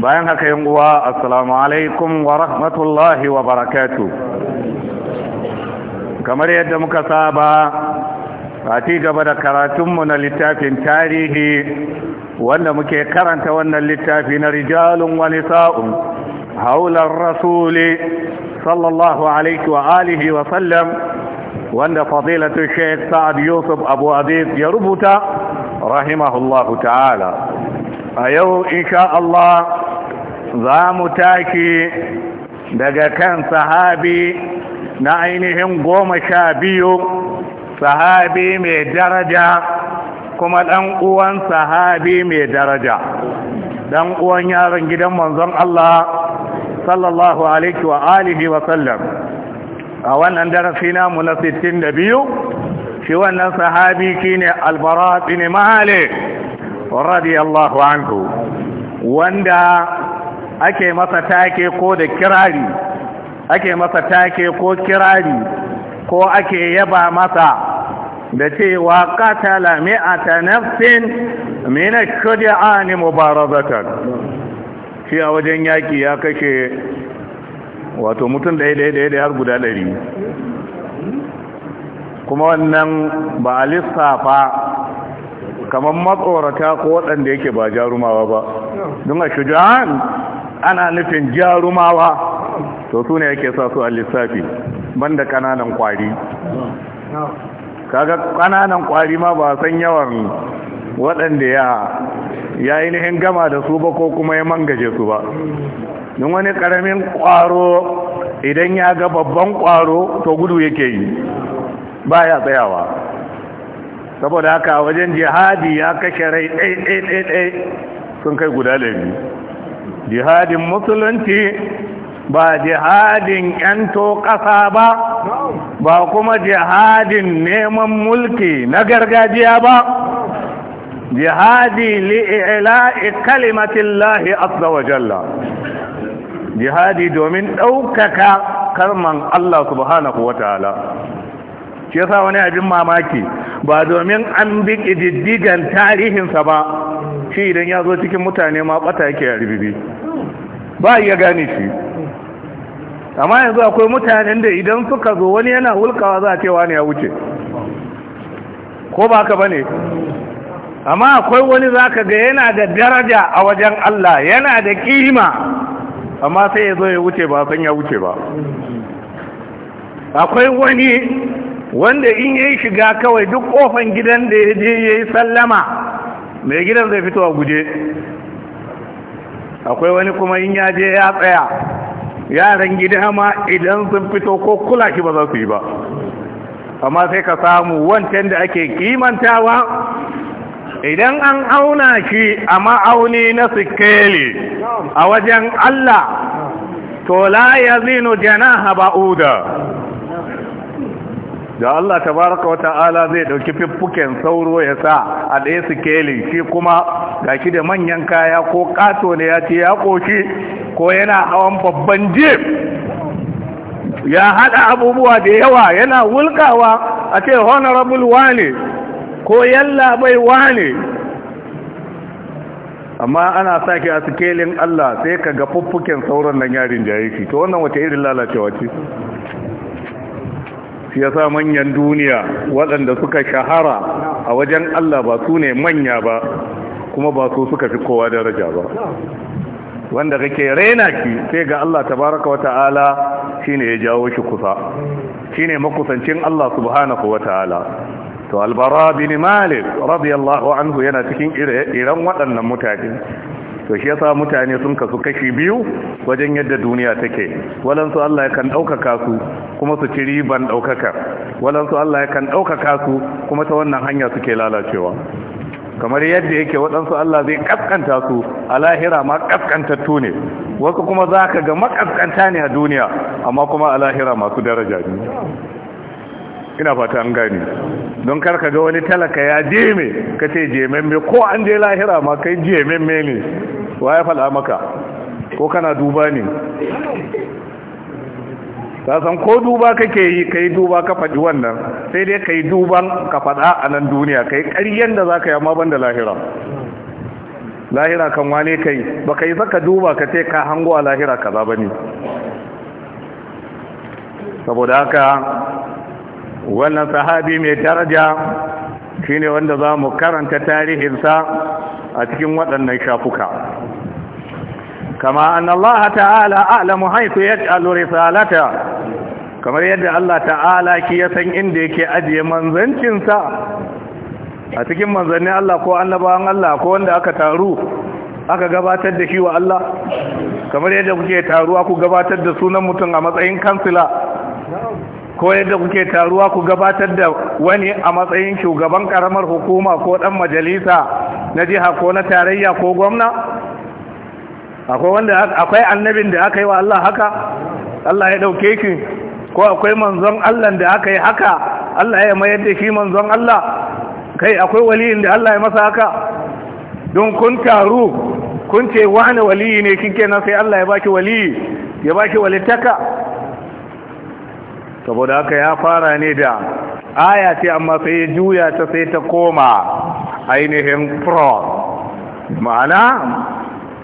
bayan haka yin uwa assalamu alaikum wa rahmatullahi wa barakatu kamar yadda muka saba a ci gaba da karatunmu na littafin tarihi wanda muke karanta wannan littafi na rijalun wani sa'un haular rasuli sallallahu alaihi wa alihi wa sallam wanda fadilatu sheik sa'ad yusuf abu aziz ya rubuta rahimahullahu ta'ala a yau insha Allah za mu taki daga kan sahabi na ainihin goma sha biyu sahabi mai daraja kuma ɗan uwan sahabi mai daraja ɗan uwan yaron gidan manzon Allah sallallahu alaihi wa alihi wa sallam a wannan darasina mu na 62 shi wannan sahabi shine albara bin malik radiyallahu anhu wanda ake masa take ko da kirari ake masa take ko kirari ko ake yaba masa da cewa katala mi'ata nafsin min ash-shuja'ani mubarazatan shi a wajen yaki ya kashe wato mutum ɗaya ɗaya ɗaya har guda ɗari kuma wannan ba a lissafa kamar matsorata ko waɗanda yake ba jarumawa ba don a shujaan ana nufin jarumawa to su ne yake sa su a lissafi banda kananan kwari kaga kananan kwari ma ba san yawan waɗanda ya ya ainihin gama da su ba ko kuma ya mangaje su ba don wani karamin ƙwaro idan ya ga babban ƙwaro to gudu yake yi ba ya tsayawa saboda haka wajen jihadi ya kashe rai ɗai ɗai ɗai sun kai guda ɗari. jihadin musulunci ba jihadin yanto ƙasa ba ba kuma jihadin neman mulki na gargajiya ba jihadi li'ila'i kalimatillahi azza wa jihadi domin ɗaukaka karman Allah subhanahu wa ta'ala shi yasa wani abin mamaki ba domin an bi ƙididdigan tarihinsa ba shi idan ya zo cikin mutane ma bata yake a ribibi ba iya gane shi amma yanzu akwai mutanen da idan suka zo wani yana hulkawa za a ce wani ya wuce ko ba ka bane amma akwai wani za ka ga yana da daraja a wajen Allah yana da kima amma sai ya zo ya wuce ba san ya wuce ba akwai wani wanda in ya shiga kawai duk kofan gidan da ya je ya yi sallama mai gidan zai fito a guje akwai wani kuma in yaje je ya tsaya yaran gidan ma idan sun fito ko kula shi ba za su yi ba amma sai ka samu wancan da ake kimantawa idan an auna shi a ma'auni na sikeli a wajen Allah to la ya zinu ba'u ba'uda da Allah tabaraka ala zai dauki fiffuken sauro ya sa a ɗaya sikeli shi kuma gaki da manyan kaya ko kato ne ya ce ya koshi ko yana hawan babban jeep ya haɗa abubuwa da yawa yana wulkawa a ce honorable wane ko yalla bai wane amma ana sake a sikelin Allah sai ka ga fuffuken sauron nan yarin jayi to wannan wata irin lalacewa ce shi yasa manyan duniya waɗanda suka shahara a wajen Allah ba su ne manya ba kuma ba su suka fi kowa daraja ba wanda kake raina ki sai ga Allah tabaraka wata'ala shine ya jawo shi kusa shine makusancin Allah subhanahu wata'ala to albara bin malik radiyallahu anhu yana cikin ire-iren waɗannan mutane to shi yasa mutane sun kasu kashi biyu wajen yadda duniya take walansu Allah ya kan ɗaukaka su kuma su ci riban ɗaukaka walansu Allah ya kan ɗaukaka su kuma ta wannan hanya suke lalacewa kamar yadda yake waɗansu Allah zai kaskanta su a lahira ma kaskantattu ne wasu kuma za ka ga makaskanta ne a duniya amma kuma a lahira masu daraja ne ina fata an gani don karka ga wani talaka ya jeme ka ce memme ko an je lahira ma kai memme ne wa ya fada maka ko kana duba ne san ko duba kake yi ka yi duba ka faɗi wannan sai dai ka yi duban ka faɗa a nan duniya ka yi ƙaryen da za ka yi amma ban da lahira lahira kan wane ka ba ka yi saka duba ka ce ka hango a lahira ka za ba ne saboda haka wannan sahabi mai daraja shine wanda za mu karanta tarihinsa a cikin waɗannan shafuka kama annallaha ta'ala a'lamu haythu yaj'alu risalata kamar yadda Allah ta'ala ki ya san inda yake ajiye manzancinsa a cikin manzannin Allah ko annabawan Allah ko wanda aka taru aka gabatar da shi wa Allah kamar yadda kuke taruwa ku gabatar da sunan mutum a matsayin kansila ko yadda kuke taruwa ku gabatar da wani a matsayin shugaban karamar hukuma ko dan majalisa na jiha ko na tarayya ko gwamna akwai wanda akwai annabin da aka yi wa Allah haka Allah ya dauke shi ko akwai manzon Allah da aka yi haka Allah ya mayar da shi manzon Allah kai akwai waliyin da Allah ya masa haka don kun taru kun ce wani waliyi ne kike nan sai Allah ya baki waliyi ya baki walitaka saboda haka ya fara ne da aya ce amma sai ya juya ta sai ta koma ainihin fraud ma'ana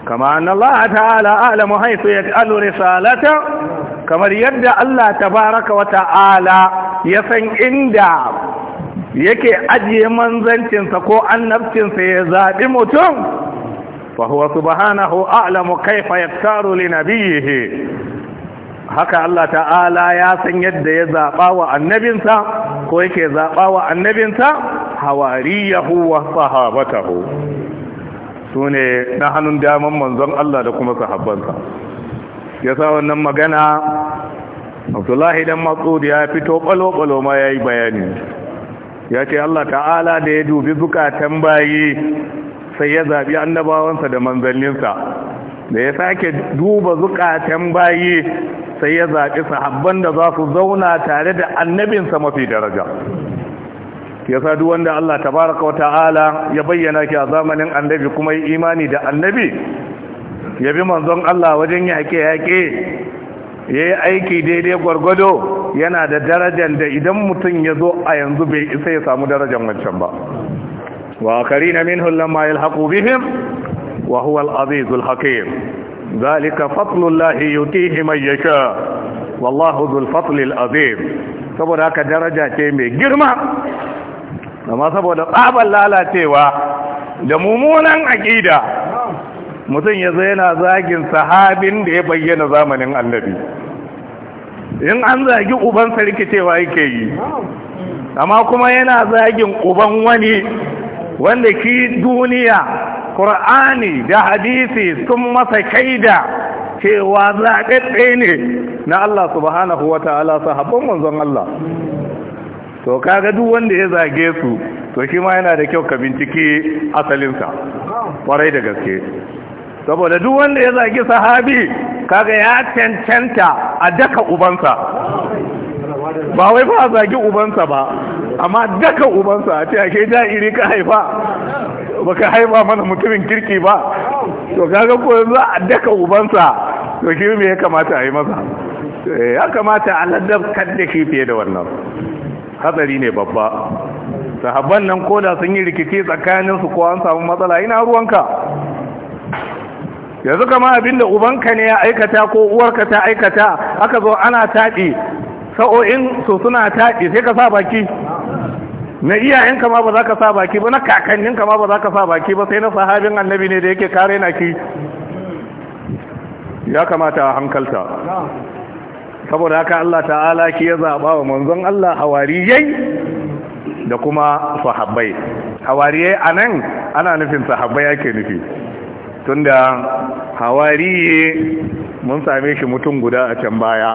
kama an Allah ta'ala alamu haifu ya ta'alu risalata kamar yadda Allah tabaraka wa ta'ala ya san inda yake ajiye manzancinsa ko annabcinsa ya zaɓi mutum fa huwa subhanahu a'lamu kaifa yaktaru li nabiyhi haka Allah ta'ala ya san yadda ya zaɓa wa annabinsa ko yake zaɓa wa annabinsa hawariyahu wa sahabatahu su ne na hannun daman manzon Allah da kuma sahabbansa ya sa wannan magana abdullahi dan matsud ya fito ɓalo-ɓalo ma ya yi bayani ya ce Allah ta'ala da ya dubi zukatan bayi sai ya zaɓi annabawansa da manzanninsa da ya sake duba zukatan bayi sai ya zaɓi sahabban da za su zauna tare da annabinsa mafi daraja ya sadu wanda Allah tabaraka wata'ala ya bayyana ki a zamanin annabi kuma yi imani da annabi ya bi manzon Allah wajen yaƙe-yaƙe ya yi aiki daidai gwargwado yana da darajar da idan mutum ya zo a yanzu bai isa ya samu darajar wancan ba wa kari na min hulun ma yalhaku bihim wa huwa al-azizul zalika الله يؤتيه من يشاء wallahu ذو الفضل azim saboda haka daraja ce mai girma amma saboda tsaban lalacewa da mummunan aƙida mutum ya zai yana zagin sahabin da ya bayyana zamanin annabi in an zagi uban sarki cewa yake yi amma kuma yana zagin uban wani wanda ki duniya Kur'ani da hadisi sun masa kaida cewa zaɗaɗɗe ne na Allah subhanahu wa ta'ala sahabban manzon Allah to kaga duk wanda ya zage su to shi ma yana da kyau ka bincike asalinsa ƙwarai da gaske saboda duk wanda ya zage sahabi kaga ya cancanta a daka ubansa ba wai fa zagi ubansa ba amma daka ubansa a ce ake ja'iri ka haifa Ba ka haifa mana mutumin kirki ba to kaga ko yanzu a daka ubansa to shi me ya kamata a yi masa eh, ya kamata a kan da shi fiye da wannan hatsari ne babba sahabban nan koda sun yi rikici tsakaninsu ko an samu matsala ina ruwanka yanzu kama abinda ubanka ne ya aikata ko uwarka ta aikata aka zo ana taɗi sa'o'in su suna taɗi sai ka sa baki na iyayen kama ba za ka sa baki ba na kakannin kama ba za ka sa baki ba sai na sahabin annabi ne da yake kare na ki ya kamata a hankalta saboda haka Allah ta'ala ki ya zaɓa wa manzon Allah hawariyai da kuma sahabbai hawariyai a nan ana nufin sahabbai ake nufi tunda hawariyai mun same shi mutum guda a can baya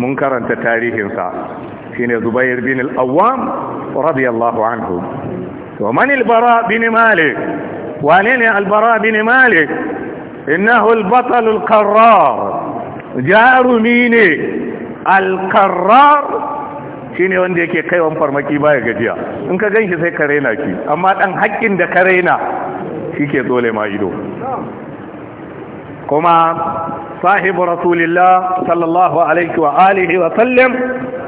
mun karanta tarihinsa shine Zubair bin al-Awwam radiyallahu anhu to man al-Bara bin Malik wane ne al-Bara bin Malik innahu al-batal al-qarrar jarumi ne al-qarrar shine wanda yake kaiwan farmaki baya gajiya in ka ganshi sai ka raina ki amma dan haƙƙin da ka raina shike tsole ma ido kuma sahibu rasulillah sallallahu alaihi wa alihi wa sallam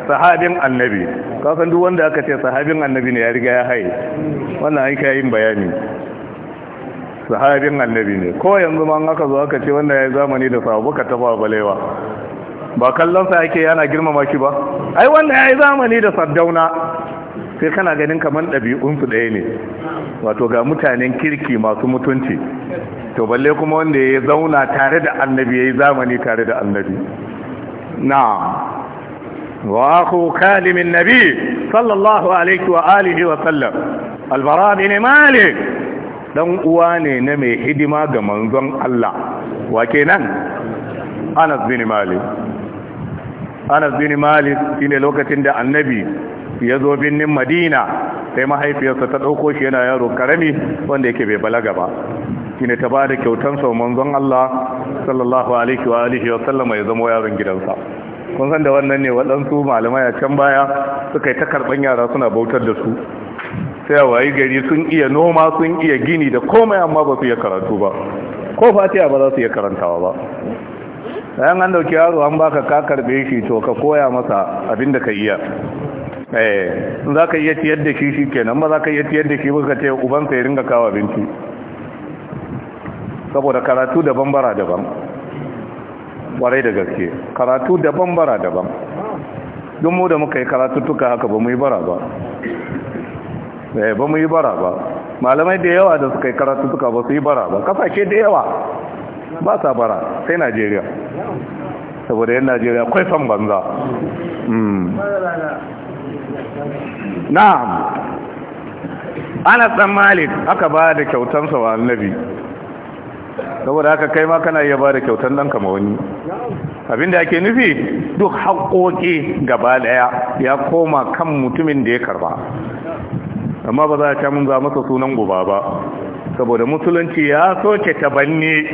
sahabin annabi kasan duk wanda aka ce sahabin annabi ne ya riga ya haye wannan an yin bayani sahabin annabi ne ko yanzu ma an aka zo aka ce wanda ya yi zamani da sahabu ka taba balewa ba kallonsa yake yana girmama shi ba ai wanda ya yi zamani da saddauna sai kana ganin kamar ɗabi'unsu ɗaya ne wato ga mutanen kirki masu mutunci to balle kuma wanda ya zauna tare da annabi ya yi zamani tare da annabi na wa ku kalimin nabi sallallahu alaihi wa alihi wa sallam albara bin malik dan uwa ne na mai hidima ga manzon Allah wa kenan Anas bin Malik Anas bin Malik shine lokacin da annabi ya zo birnin madina sai mahaifiyarsa ta ɗauko shi yana yaro karami wanda yake bai balaga ba shine ta ba da kyautan sau manzon Allah sallallahu alaihi wa alihi wa sallama ya zama yaron gidansa kun san da wannan ne waɗansu malamai a can baya suka yi ta karɓan yara suna bautar da su sai a wayi gari sun iya noma sun iya gini da komai amma ba su iya karatu ba ko Fatiya ba za su iya karantawa ba bayan an ɗauki yaro an baka ka karɓe shi to ka koya masa abin da ka iya eh za ka iya ciyar da shi shi kenan ba za ka iya ciyar da shi ba ka ce ubansa ya ringa kawo abinci saboda karatu daban bara daban warai da gaske karatu daban bara daban don mu da muka yi karatu tuka haka ba mu yi bara ba eh ba mu yi bara ba malamai da yawa da suka yi karatu tuka ba su yi bara ba kasashe da yawa ba sa bara sai najeriya saboda yan najeriya kwai son banza hmm. na'am ana dan malik aka ba da kyautansa wa annabi saboda haka kai ma kana iya ba da kyautan ɗanka ma wani abinda ake nufi duk haƙoƙi gaba ɗaya ya koma kan mutumin da ya karba amma ba za a camun za masa sunan guba ba saboda musulunci ya soke tabanni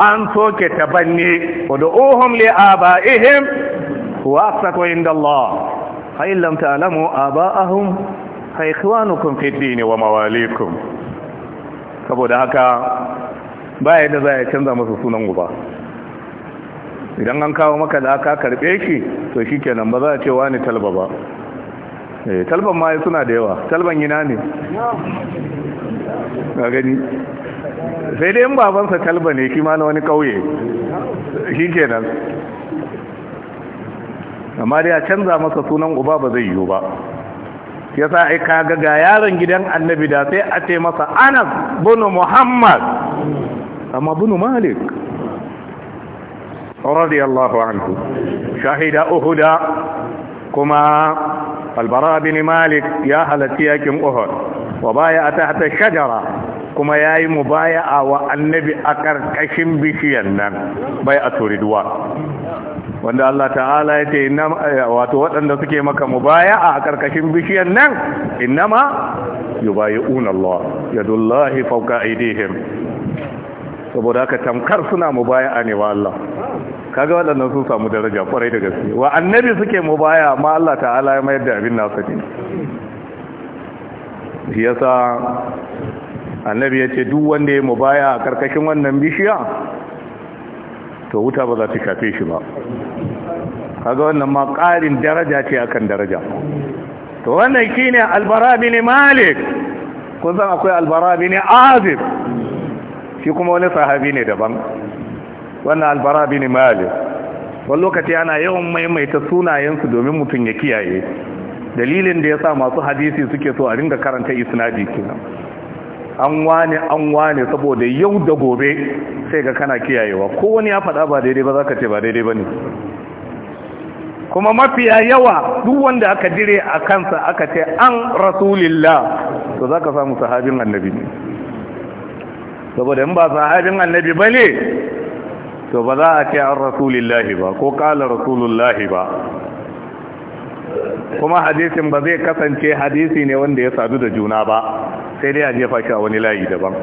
an soke tabanni wadda ohun li'aba ihim wasa inda Allah fa in lam ta'lamu aba'ahum fa ikhwanukum fid ne wa mawalikum saboda haka ba yadda za a canza masa sunan uba idan an kawo maka da aka karbe shi to shi kenan ba za a ce wani talba ba talban ma suna da yawa talban yana ne ga gani sai dai in babansa talba ne kima na wani kauye shi kenan amma da ya canza masa sunan uba ba zai yiwu ba yasa ai kaga ga yaron gidan annabi da sai a ce masa anas bunu muhammad amma bunu malik radiyallahu anhu shahida uhuda kuma albara bin malik ya halatti yakin uhud wa baya tahta shajara kuma yayi yi mubaya'a wa annabi a ƙarƙashin bishiyan nan bai a turiduwa wanda Allah ta'ala ya ce eh, wato waɗanda suke maka baya a ƙarƙashin bishiyar nan innama yubayi'una Allah yadullahi fawqa aydihim saboda haka tamkar suna mubaya'a a wa Allah kaga waɗannan sun samu daraja kwarai da gaske wa annabi suke mubaya ma Allah ta'ala ya mayar da abin nasa ne shi yasa annabi ya ce duk wanda ya mubaya a karkashin wannan bishiya to wuta ba za ta shafe shi ba kaga wannan ma ƙarin daraja ce akan daraja to wannan shine albara bin malik kun san akwai albara bin azib shi kuma wani sahabi ne daban wannan albara bin malik wani lokaci ana yawan maimaita sunayensu domin mutum ya kiyaye dalilin da ya sa masu hadisi suke so a ringa karanta isnadi kenan an wane an wane saboda yau da gobe sai ga kana kiyayewa ko wani ya faɗa ba daidai ba za ka ce ba daidai ba ne kuma mafiya yawa duk wanda aka dire a kansa aka ce an rasulillah to za ka samu sahabin annabi ne saboda in ba sahabin annabi ba ne to ba za a ce an rasulillahi ba ko kala rasulullahi ba kuma hadisin ba zai kasance hadisi ne wanda ya sadu da juna ba sai dai a jefa shi a wani layi daban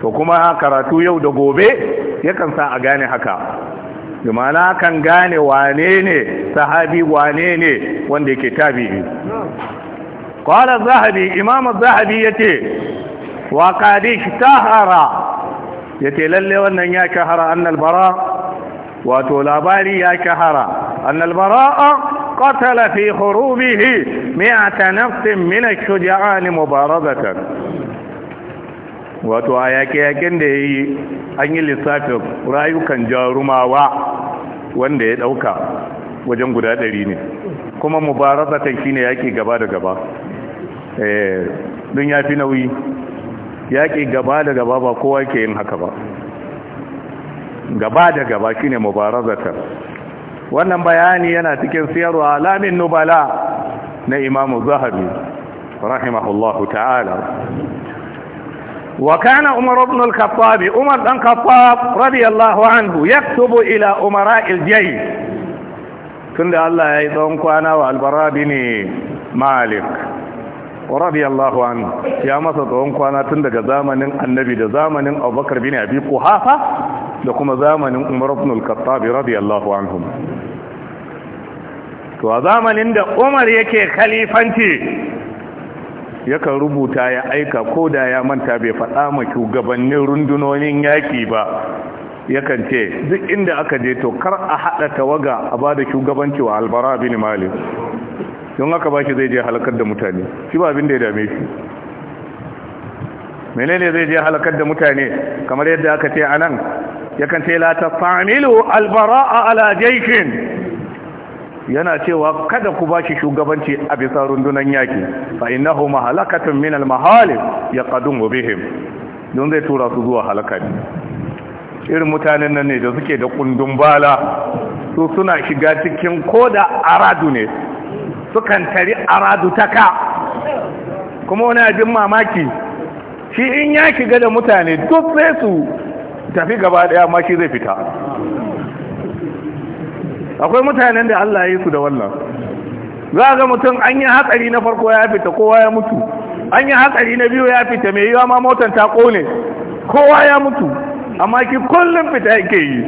to kuma karatu yau da gobe yakan sa a gane haka jumana kan gane wane ne sahabi wane ne wanda yake tabi'i qala zahabi imam zahabi yace wa hara? Ya yace lalle wannan ya shahara annal bara wato labari ya shahara annal bara'a قتل في خروبه مئة نفس من الشجعان مبارزة wato a yaƙe da ya yi an yi lissafin rayukan jarumawa wanda ya ɗauka wajen guda ɗari ne kuma mubarazatan shi ne yaƙi gaba da gaba eh, don ya fi nauyi yaƙi gaba da gaba ba kowa ke yin haka ba gaba da gaba shi ne mubarazatar wannan bayani yana cikin siyar wa alamin na Imam zahari rahimahullahu ta'ala wa kana umar ibn al-khattab umar dan khattab anhu yaktubu ila umara al tunda Allah yayi don kwana wa al-bara bin malik radiyallahu anhu ya masa don kwana tun daga zamanin annabi da zamanin abubakar bin abi quhafa da kuma zamanin umar ibn al-khattab radiyallahu anhum to a zamanin da umar yake khalifanci yakan rubuta ya aika ko da ya manta bai faɗa ma shugabannin rundunonin yaƙi ba yakan ce duk inda aka je to kar a haɗa tawaga a ba da shugabanci wa albara bin malik don haka ba shi zai je halakar da mutane shi ba abin da ya dame shi menene zai je halakar da mutane kamar yadda aka ce anan yakan ce la fa'amilu albara'a ala jaykin yana cewa kada ku ba shi shugabanci a bisa rundunan yaki fa innahu mahalakatun min ya kadun bihim don zai tura su zuwa halaka irin mutanen nan ne da suke da kundun bala su suna shiga cikin koda aradu ne sukan tari aradu taka kuma wani abin mamaki shi in ya shiga da mutane duk sai su tafi gaba daya ma shi zai fita akwai mutanen da Allah ya yi su da wannan za ga mutum an yi hatsari na farko ya fita kowa ya mutu an yi hatsari na biyu ya fita mai yiwa ma motar ta kone kowa ya mutu amma ki kullum fita yake yi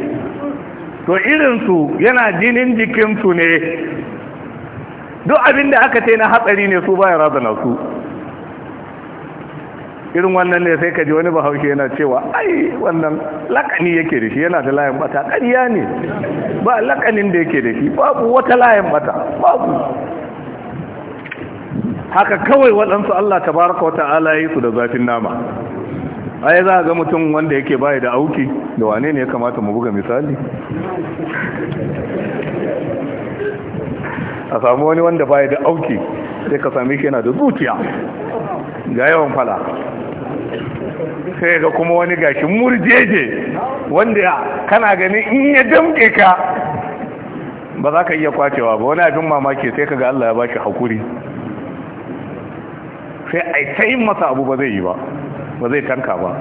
to irin su yana jinin su ne duk abin da aka ce na hatsari ne su baya razana su irin wannan ne sai ka ji wani bahaushe yana cewa ai wannan lakani yake da shi yana da layin bata ƙarya ne ba lakanin da yake da shi babu wata layin bata babu haka kawai waɗansu Allah ta tabaraka wata'ala yi su da zafin nama ai za a ga mutum wanda yake bayi da auki da wane ne ya kamata mu buga misali a samu wani wanda bayi da auki sai ka same shi yana da zuciya ga yawan fala sai ga kuma wani gashin murjeje wanda kana ganin in ya damke ka ba za ka iya kwacewa ba wani abin mamaki sai ga Allah ya bashi hakuri sai yi ta yin masa abu ba zai yi ba ba zai tanka ba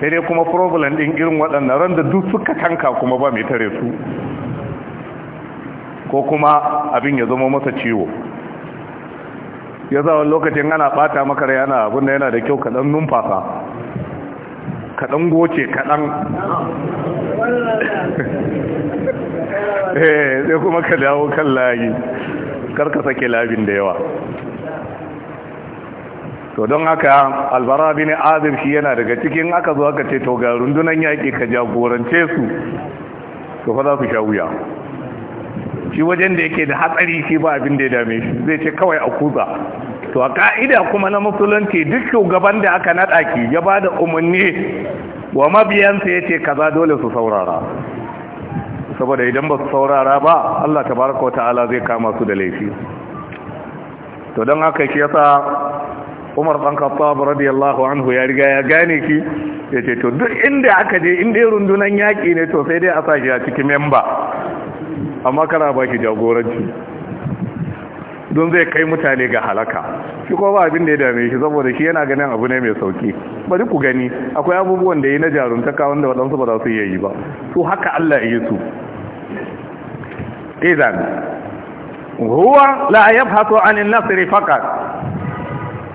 sai dai kuma problem din irin waɗannan ran da duk suka tanka kuma ba mai tare su ko kuma abin ya zama masa ciwo ya zawon lokacin ana ɓata maka yana abin abinda yana da kyau kaɗan numfasa kaɗan goce kaɗan eh, sai kuma ka dawo kan layi karka sake labin da yawa to don haka albara bin Azim shi yana daga cikin aka zo aka ce to ga rundunan yaƙi ka jagorance su to fa za su sha wuya shi wajen da yake da hatsari shi ba abin da ya dame shi zai ce kawai a kuza to a ka'ida kuma na musulunci duk shugaban da aka naɗa ki ya ba da umarni wa mabiyansa ya ce kaza dole su saurara saboda idan ba su saurara ba Allah tabaraka wa ta'ala zai kama su da laifi to don haka shi yasa Umar ɗan Khattab radiyallahu anhu ya riga ya gane ki ya ce to duk inda aka je inda rundunan yaki ne to sai dai a sa shi a cikin memba amma kana ba ki jagoranci don zai kai mutane ga halaka shi ko ba abin da ya dame shi saboda shi yana ganin abu ne mai sauki bari ku gani akwai abubuwan da yi na jaruntaka da waɗansu ba za su iya yi ba su haka Allah ya yi su Izan, huwa la yabhatu an nasiri faqat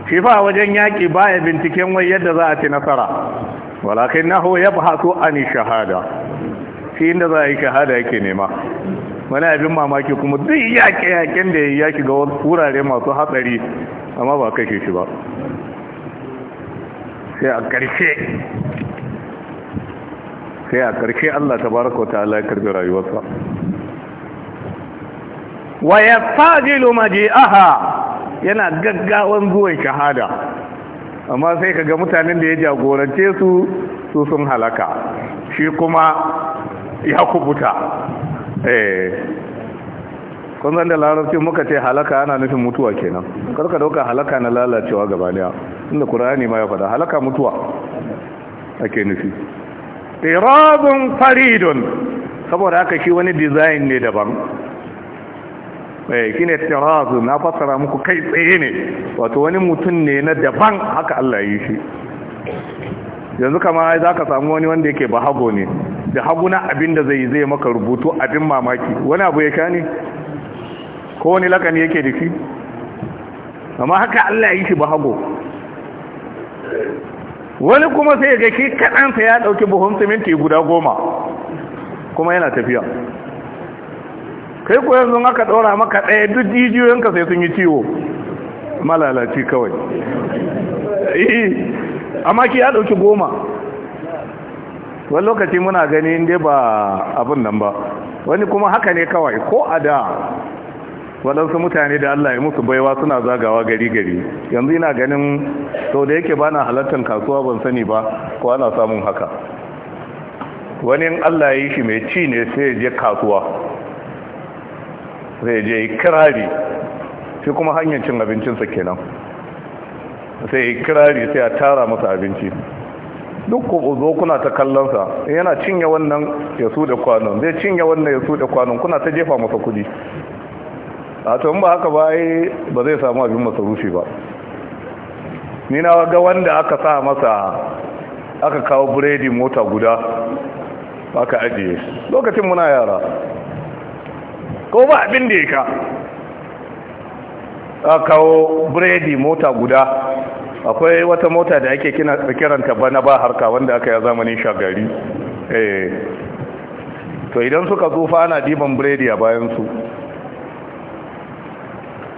shi fa wajen yaki baya binciken wai yadda za a ci nasara walakin nahu yabhatu an shahada shi inda za a yi shahada yake nema wani abin mamaki kuma zai yaƙe-yaƙen da ya yaki ga wurare masu hatsari amma ba kashe shi ba sai a ƙarshe sai a ƙarshe Allah ta baraka wa ta'ala ya karbi rayuwarsa wa ya fajilu maji'aha yana gaggawan zuwan shahada amma sai ka ga mutanen da ya jagorance su su sun halaka shi kuma ya kubuta Eh. kun zan da larabci muka ce halaka ana nufin mutuwa kenan karka dauka halaka na lalacewa gaba daya inda kurani ma ya faɗa halaka mutuwa ake nufi irabun faridun saboda haka shi wani design ne daban eh shine tirazu na fassara muku kai tsaye ne wato wani mutum ne na daban haka Allah yi shi yanzu kama za ka samu wani wanda yake bahago ne da haguna abin da zai zai maka rubutu abin mamaki wani abu ya sha ne ko wani lakani yake da shi amma haka Allah ya yi shi ba hago wani kuma sai ga shi kaɗansa ya ɗauki buhun siminti guda goma kuma yana tafiya kai ko yanzu aka dora maka ɗaya duk jijiyoyinka sai sun yi ciwo malalaci kawai amma ki ya ɗauki goma wani lokaci muna gani inda ba abin nan ba wani kuma haka ne kawai ko a da waɗansu mutane da Allah ya musu baiwa suna zagawa gari gari yanzu ina ganin sau da yake bana halartar kasuwa ban sani ba ko ana samun haka wani Allah ya yi shi mai ci ne sai je kasuwa sai je kirari shi kuma hanyar cin abincinsa kenan sai kirari sai a tara masa abinci duk ku zo kuna ta kallon sa yana cinye wannan ya su kwanon zai cinye wannan ya su da kwanon kuna ta jefa masa kuɗi? a to ba haka ba ba zai samu abin masarufi ba ni na ga wanda aka sa masa aka kawo buredi mota guda aka ajiye lokacin muna yara ko ba abin da ya ka aka kawo buredi mota guda akwai wata mota da ake kiranta bana ba harka wanda aka ya zamanin shagari eh. to idan suka tsufa ana diban biredi a bayansu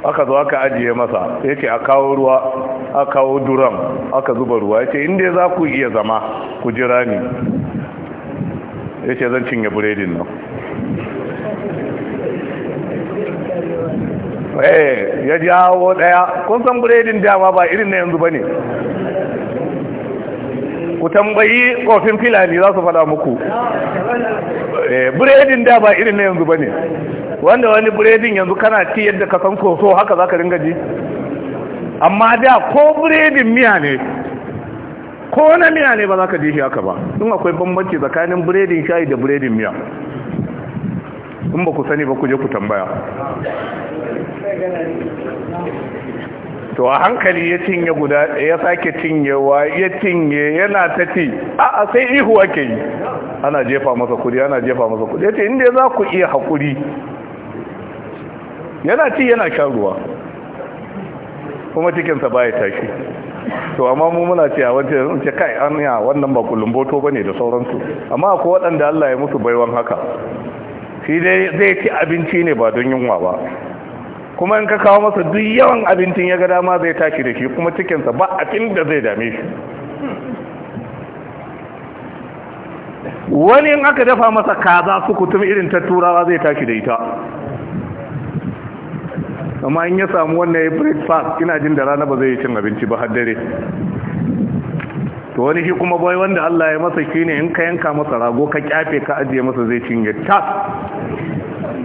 aka zo aka ajiye masa ya ce a kawo ruwa a kawo duran aka zuba ruwa ya ce inda za ku iya zama ku jira ni ya ce zan cinye biredin nan eh ya jawo daya kun san biredin dama ba irin na yanzu bane ku tambayi kofin filani za su fada muku eh, biredin da ba irin na yanzu bane wanda wani biredin yanzu kana ci yadda ka san koso haka za ka ringa ji amma da ko biredin miya ne ko na miya ne ba za ka ji shi haka ba in akwai bambanci tsakanin biredin shayi da biredin miya in ba ku sani ba ku je ku tambaya to a hankali ya cinye guda ya sake cinyewa ya cinye yana ta ci a a sai ihu ake yi ana jefa masa kudi ana jefa masa kudi ya ce inda za ku iya haƙuri yana ci yana shan ruwa kuma cikinsa ba ya tashi to amma mu muna ce a wajen ce kai an ya wannan ba kullum boto bane da sauransu amma ko waɗanda Allah ya musu baiwan haka shi dai zai ci abinci ne ba don yunwa ba kuma in ka kawo masa duk yawan abincin ya ga dama zai tashi da shi kuma cikinsa ba a cikin da zai dame shi wani in aka dafa masa kaza su kutum irin ta turawa zai tashi da ita amma in ya samu wannan ya breakfast ina jin da rana ba zai yi cin abinci ba haddare to wani shi kuma bai wanda Allah ya masa shine in ka yanka masa rago ka kyafe ka ajiye masa zai cinye tas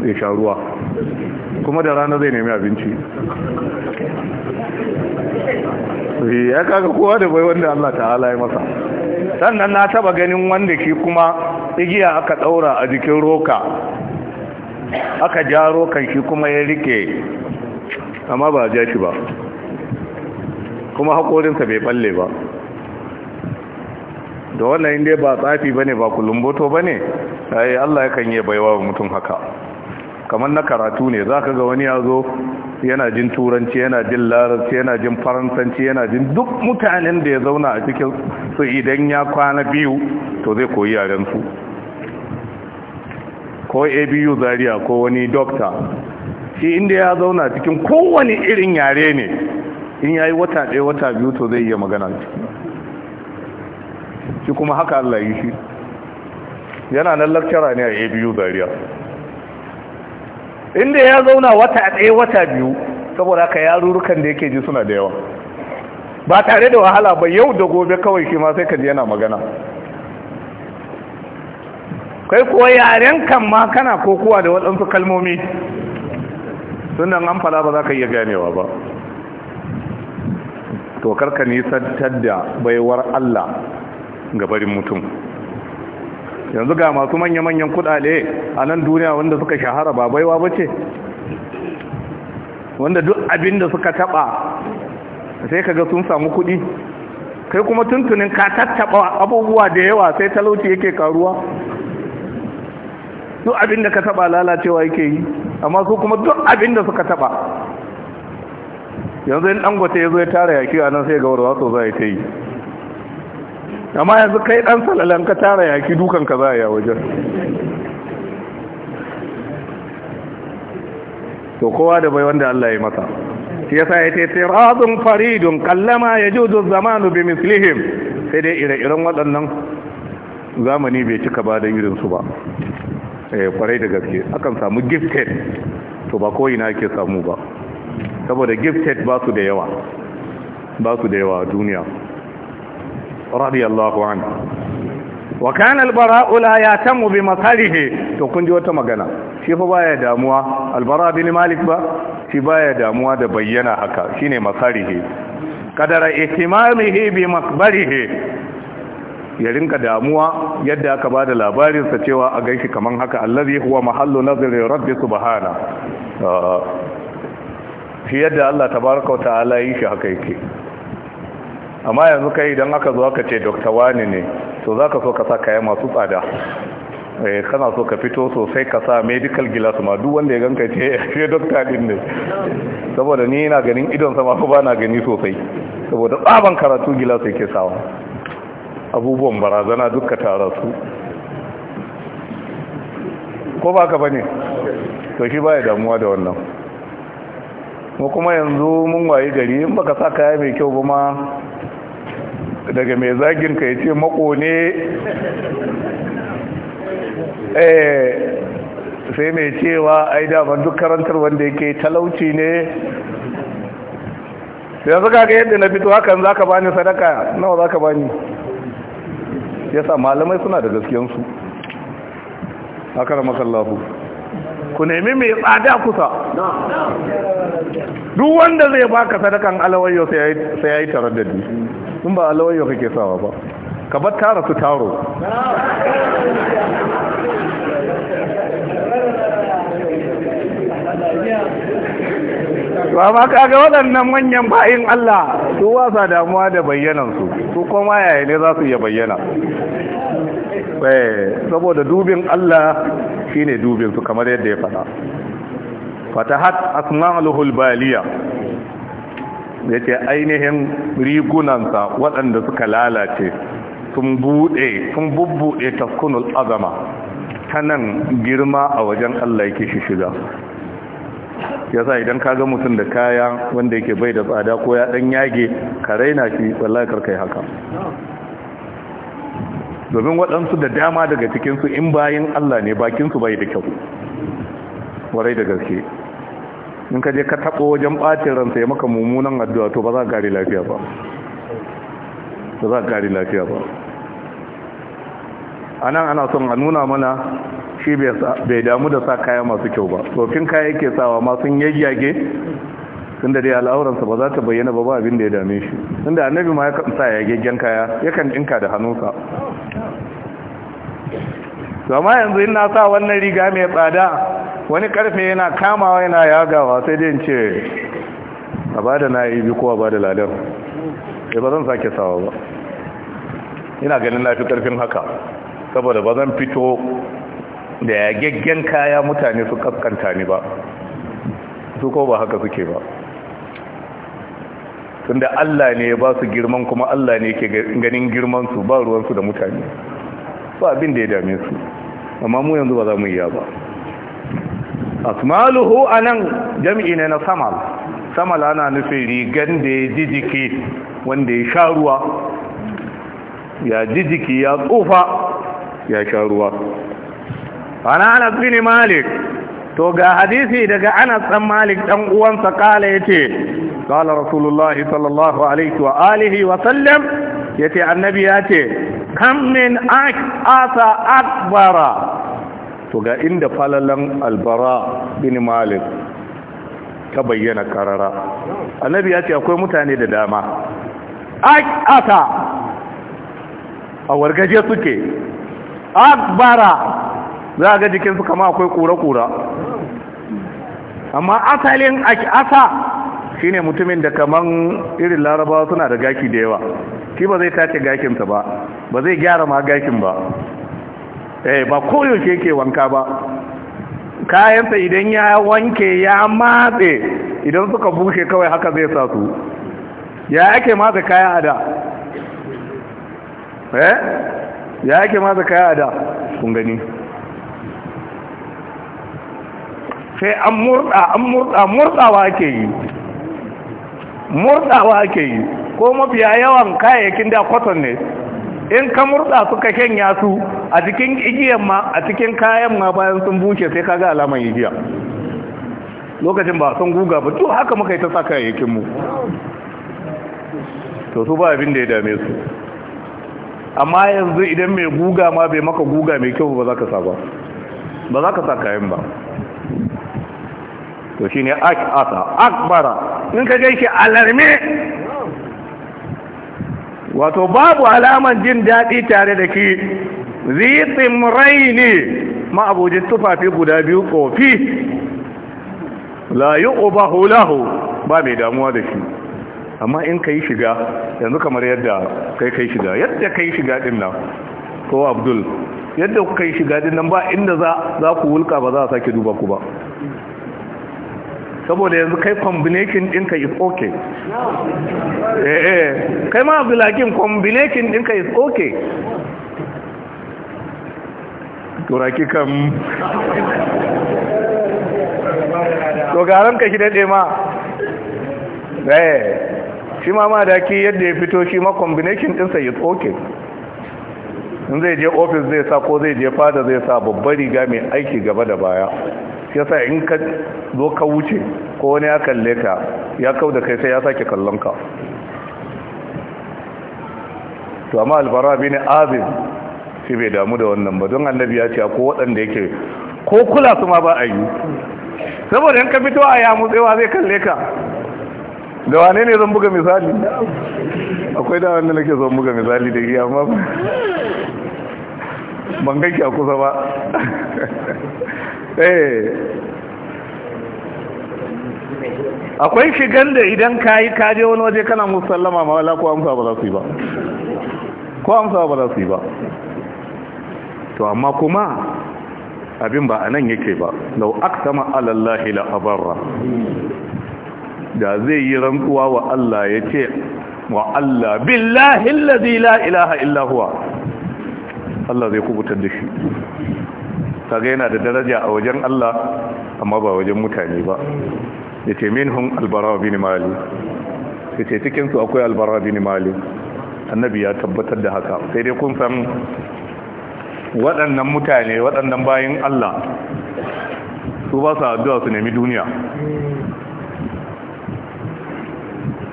ya sha ruwa kuma da rana zai nemi abinci eh, ya kaga kowa da bai wanda Allah ta'ala ya masa sannan na taba ganin wanda shi kuma igiya aka daura a jikin roka aka ja rokan shi kuma ya rike amma ba ja shi ba kuma haƙorinsa bai balle ba da wannan inda ba tsafi bane ba kulumboto bane sai Allah yakan yi baiwa mutum haka kamar na karatu ne za ka ga wani ya zo yana jin turanci yana jin larabci yana jin faransanci yana jin duk mutanen da ya zauna a cikin su idan ya kwana biyu to zai koyi yarensu ko abu zaria ko wani dokta shi inda ya zauna cikin kowane irin yare ne in ya yi wata ɗaya wata biyu to zai iya magana ciki shi kuma haka allah yi shi yana nan lakcara ne a abu zaria inda ya zauna wata ɗaya wata biyu saboda haka yarurrukan da yake ji suna da yawa ba tare da wahala ba yau da gobe kawai shi ma sai ka ji yana magana kai kuwa yaren kan ma kana kokowa da waɗansu kalmomi sunan an fara ba za ka iya ganewa ba to karka nisantar da baiwar Allah ga barin mutum yanzu ga masu manya-manyan kudade a nan duniya wanda suka shahara ba baiwa ba ce wanda duk abin da suka taba sai kaga sun samu kudi kai kuma tuntunin ka tattaba abubuwa da yawa sai talauci yake karuwa duk abin da ka taba lalacewa yake yi amma su kuma duk abin da suka taba yanzu in dangote ya zo ya tara yaki a nan sai ga warwa so za ta yi amma yanzu kai dan salalan ka tara yaki dukan ka za a wajen to kowa da bai wanda Allah ya masa shi yasa ya ce tiradun faridun kallama ya juzu zamanu bi mislihim sai dai ire-iren waɗannan zamani bai cika ba don irinsu ba kwarai eh, da gaske akan samu gifted to ba na ke samu ba saboda gifted ba su da yawa ba su da yawa a duniya radiyallahu anhu wa kana al-bara'u la yatamu bi masarihi to kun ji wata magana shi fa baya damuwa al bin malik ba shi baya damuwa da bayyana haka shine masarihi kadara ihtimamihi bi makbarihi ya rinka damuwa yadda aka bada labarinsa cewa a gaishe kaman haka allazi huwa mahallu nazari rabbi subhana shi yadda Allah tabaraka wa ta'ala yi shi haka yake amma yanzu kai idan aka zo aka ce dokta wani ne to za ka so ka sa kaya masu tsada eh, kana so ka fito sosai ka sa medical glass ma duk wanda ya ganka ce ya eh, dokta din ne saboda ni na ganin idon sama ko ba na gani sosai saboda tsaban karatu glass yake sawa abubuwan barazana duka tara su ko ba ka bane to shi ba ya damuwa da wannan kuma yanzu mun waye gari in baka sa kaya mai kyau ba ma daga mai zagin ka yace mako ne eh, sai mai cewa ai da ban duk karantar wanda yake talauci ne yanzu ga yadda na fito hakan zaka bani sadaka nawa zaka bani yasa malamai suna da gaskiyansu haka masallahu ku nemi mai tsada kusa duk wanda zai baka sadakan alawayyo sai ya yi taraddadi in ba alawayyo kake sawa ba ka bar tara su taro ba ma kaga waɗannan manyan bayin Allah su wasa damuwa da bayyanansu su kuma yaya ne za su iya bayyana eh, saboda dubin Allah shine dubin su kamar yadda ya fada fatahat asma'ul baliya yace ainihin rigunansa waɗanda suka lalace sun bude sun bubbude taskunul azama nan girma a wajen Allah yake shi shiga yasa idan ka ga mutum da kaya wanda yake bai da tsada ko ya ɗan yage ka raina shi wallahi karkai haka domin waɗansu da dama daga cikinsu in bayan Allah ne bakinsu bai da kyau warai da gaske in ka je ka taɓo wajen ɓacin ransa ya maka mummunan addu'a to ba za ka gari lafiya ba ba za gari lafiya ba a nan ana son a nuna mana shi bai damu da sa kaya masu kyau ba tsofin kaya yake sawa ma yayyage Sun da dai al'auransa ba za ta bayyana ba ba abin da ya dame shi Sun da annabi ma ya sa ya gaggen kaya kan ɗinka da hannunsa zama yanzu ina sa wannan riga mai tsada wani karfe yana kamawa yana yagawa sai dai ce a ba da na ko a ba da ladar eh, ba zan sake sawa ba ina ganin na karfin haka saboda ba zan fito da yagaggen kaya mutane su kaskanta ni ba su ko ba haka suke ba tunda Allah ne ya ba su girman kuma Allah ne ke ganin girman su ba ruwansu da mutane ba abin da ya dame su amma mu yanzu ba za mu iya ba asmaluhu anan jam'i ne na Sama samal ana nufin rigan da ya jijiki wanda ya sha ruwa ya ji ya tsufa ya sha ruwa ana ana bin malik to ga hadisi daga anas dan malik dan uwansa kala yace kala rasulullah sallallahu alaihi wa alihi wa sallam yace annabi yace kam min asa akbara to ga inda falalan albara bin malik ta bayyana karara annabi yace akwai mutane da dama asa a wargaje suke akbara za a ga jikinsu kama akwai kura-kura amma asalin asa shine mutumin da kaman irin larabawa suna da gaki da yawa Ki ba zai tace gakinsa ba ba zai gyara ma gakin ba eh ba koyaushe ke wanka ba kayansa idan ya wanke ya matse idan suka bushe kawai haka zai sa su ya yake matse kaya a da eh ya yake matse kaya a da kun gani sai an murda an murda murdawa ke yi murdawa ke yi ko mafiya yawan kayayyakin da kwaton ne in ka murda suka kenya su a cikin igiyan ma a cikin kayan ma bayan sun bushe sai kaga alaman igiya lokacin ba sun guga ba to haka muka yi ta sa kayayyakin mu to su ba abin da ya dame su amma yanzu idan mai guga ma bai maka guga mai kyau ba za ka sa ba ba za ka sa kayan ba to shi shine akasa akbara in ka gaishe alarme wato babu alaman jin daɗi tare da ki rai ne ma'abujin tufafi guda biyu kofi layu oba hulahu ba mai damuwa da shi amma in ka yi shiga yanzu kamar yadda kai kai shiga yadda kai shiga ɗin nan ko abdul yadda kuka yi shiga ɗin nan ba inda za ku wulka ba za a sake duba ku ba saboda yanzu kai combination ɗinka is okay eh eh kai ma abdulhakim combination ɗinka is okay turaki kan to ka shi daɗe ma eh shi ma ma da ki yadda ya fito shi ma combination ɗinsa is okay in zai je ofis zai sa ko zai je fada zai sa babbar riga mai aiki gaba da baya yasa in ka zo ka wuce ko wani ya kalle ka ya kau da kai sai ya sake kallon ka to amma albara ne azim shi bai damu da wannan ba don annabi ya ce ko waɗanda yake ko kula su ma ba a yi saboda in ka fito a yamu tsewa zai kalle ka da wane ne zan buga misali akwai da wanda nake zan buga misali da iya ma ban ganki a kusa ba Eh. akwai shigan da idan ka yi kaje wani waje kana musallama ma wala ko amsa ba za su yi ba ko amsa ba za su yi ba to amma kuma abin ba a nan yake ba lau aksama alallahi abarra da zai yi rantsuwa wa Allah ya ce wa Allah billahi lazi la ilaha illahuwa Allah zai kubutar da shi kaga yana da daraja a wajen Allah amma ba wajen mutane ba yace minhum albara bin mali yace cikin su akwai albara bin mali annabi ya tabbatar da haka sai dai kun san waɗannan mutane waɗannan bayin Allah su ba su addu'a su nemi duniya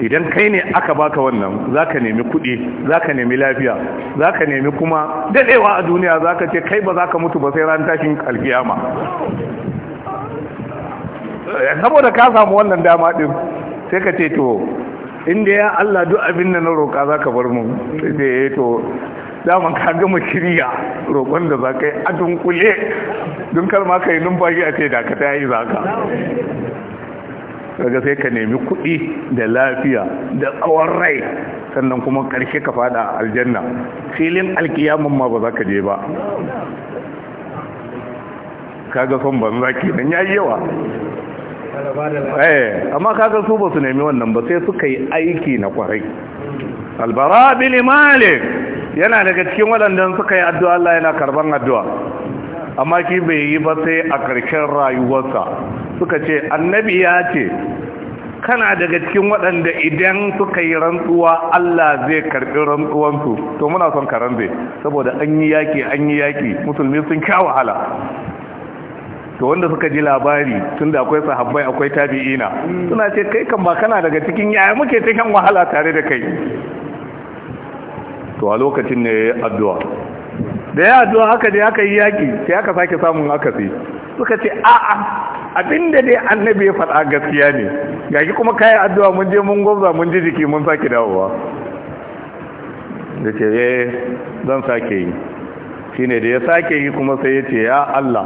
idan kai ne aka baka wannan zaka nemi kuɗi zaka nemi lafiya zaka nemi kuma dadewa a duniya zaka ce kai ba zaka mutu ba sai ran tashin alkiyama eh, saboda ka samu wannan dama din sai ka ce to inda ya Allah duk abin da na roƙa zaka bar mu sai ce eh, to daman ka gama shirya roƙon da za ka yi a dunkule don kar ma ka numfashi a ce da ka ta yi za ka kaga sai ka nemi kuɗi da lafiya da tsawon rai sannan kuma ƙarshe ka fada aljanna filin alkiyamun ma ba za ka je ba kaga son nan ya yi yawa eh, amma kaga su ba su nemi wannan ba sai suka yi aiki na kwarai albara bin yana daga cikin waɗanda suka yi addu'a Allah yana karban addu'a amma shi bai yi ba sai a ƙarshen rayuwarsa suka ce annabi ya ce kana daga cikin waɗanda idan suka yi rantsuwa Allah zai karɓi rantsuwansu to muna son karan zai saboda an yi yaƙi an yi yaƙi musulmi sun sha wahala to wanda suka ji labari tun da akwai sahabbai akwai tabi'ina suna ce kai kan ba kana daga cikin yaya muke ta wahala tare da kai to a lokacin ne addu'a da ya addu'a haka dai aka yi yaki sai aka sake samun akasi suka ce a'a abinda dai annabi ya faɗa gaskiya ne gaki kuma kayan addu'a mun je mun gwabza mun ji jiki mun sake dawowa da ce eh zan sake yi shine da ya sake yi kuma sai ya ce ya Allah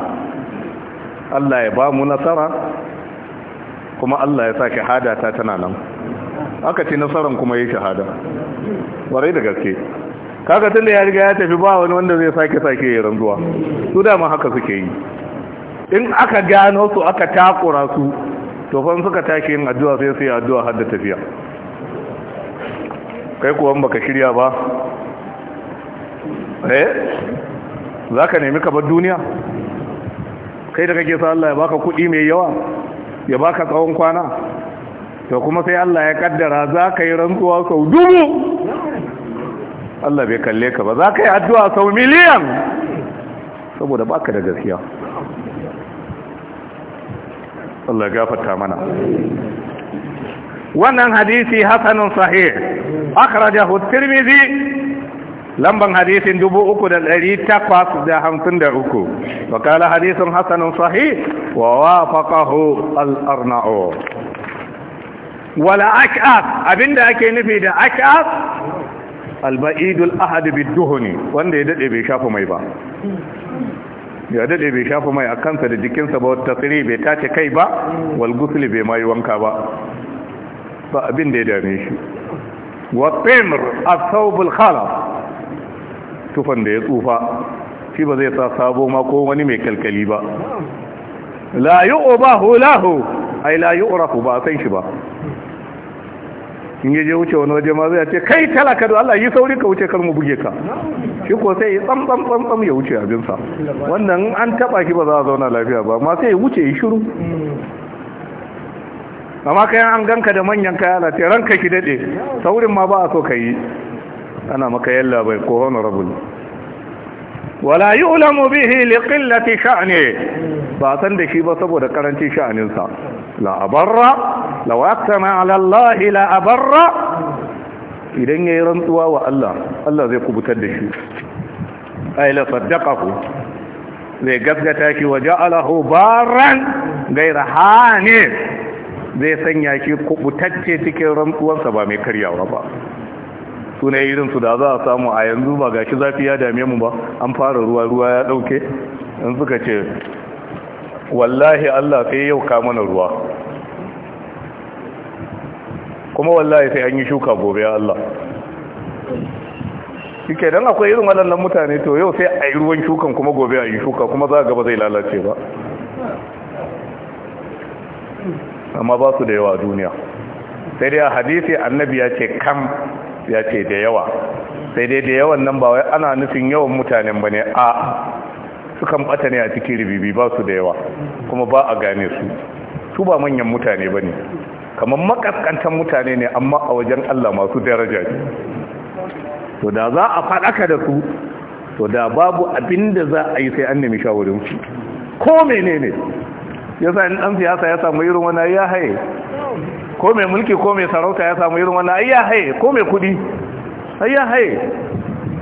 Allah ya ba mu nasara kuma Allah ya sake hada ta tana nan aka ce nasaran kuma ya shahada ƙwarai da gaske kaga tun da ya riga ya tafi ba wani wanda zai sake sake ya rantsuwa su dama haka suke yi in aka gano su aka takura su to fa suka tashi yin addu'a sai su yi addu'a har da tafiya kai kuwa baka shirya ba eh za ka nemi kabar duniya kai da kake sa Allah ya baka kuɗi mai yawa ya baka tsawon kwana to kuma sai Allah ya kaddara za ka yi rantsuwa sau dubu Allah bai kalle ka ba za ka yi addu'a sau miliyan saboda baka da gaskiya Allah gafarta mana wannan hadisi hasanun sahih akhrajahu at-tirmidhi lamban hadisin 3853 wa qala hadisun hasanun sahih wa wafaqahu al-arna'u wala ak'af abinda ake nufi da ak'af alba'idul ahad ne, wanda ya dade bai shafa mai ba ya dade bai shafa mai a kansa da jikinsa ba wata tsiri bai tace kai ba wal gusli bai mai wanka ba ba abin da ya dame shi wa a saubul khala tufan da ya tsufa shi ba zai sa sabo ma ko wani mai kalkali ba la yu'bahu lahu ai la rafu ba san shi ba in je wuce wani waje ma zai ce kai talaka da Allah yi sauri ka wuce kar mu buge ka shi ko sai ya tsam tsam tsam tsam ya wuce abin sa wannan an taba ki ba za a zauna lafiya ba amma sai ya wuce ya shiru amma kayan an ganka da manyan kaya ala ce ranka ki dade saurin ma ba a so ka yi ana maka yalla bai ko honorable wala yu'lamu bihi liqillati sha'ni ba san da shi ba saboda karancin sha'aninsa la abarra law aqsama ala Allah la abarra idan yayi rantsuwa wa Allah Allah zai kubutar da shi ay la saddaqahu zai gaskata shi wa ja'alahu baran gaira hane zai sanya shi kubutacce cikin rantsuwarsa ba mai karyawa ba suna irin su da za a samu a yanzu ba gashi zafi ya dame mu ba an fara ruwa ruwa ya dauke in suka ce wallahi Allah sai yau ka mana ruwa kuma wallahi sai an yi shuka gobe Allah shike dan akwai irin wadannan mutane to yau sai a yi ruwan shukan kuma gobe a yi shuka kuma za a gaba zai lalace ba amma ba su da yawa duniya sai dai a hadisi annabi ya ce kam ya ce da yawa sai dai da yawan nan ba wai ana nufin yawan mutanen ba ne a sukan bata ne a cikin ribibi ba su da yawa kuma ba a gane su su ba manyan mutane ba ne kamar makaskantar mutane ne amma a wajen Allah masu daraja ne to da za a faɗaka da su to da babu abin da za a yi sai an nemi shawarin su ko menene sa in dan siyasa ya samu irin wani ya haye ko mai mulki ko mai sarauta ya samu irin wani ya haye ko mai kudi ya haye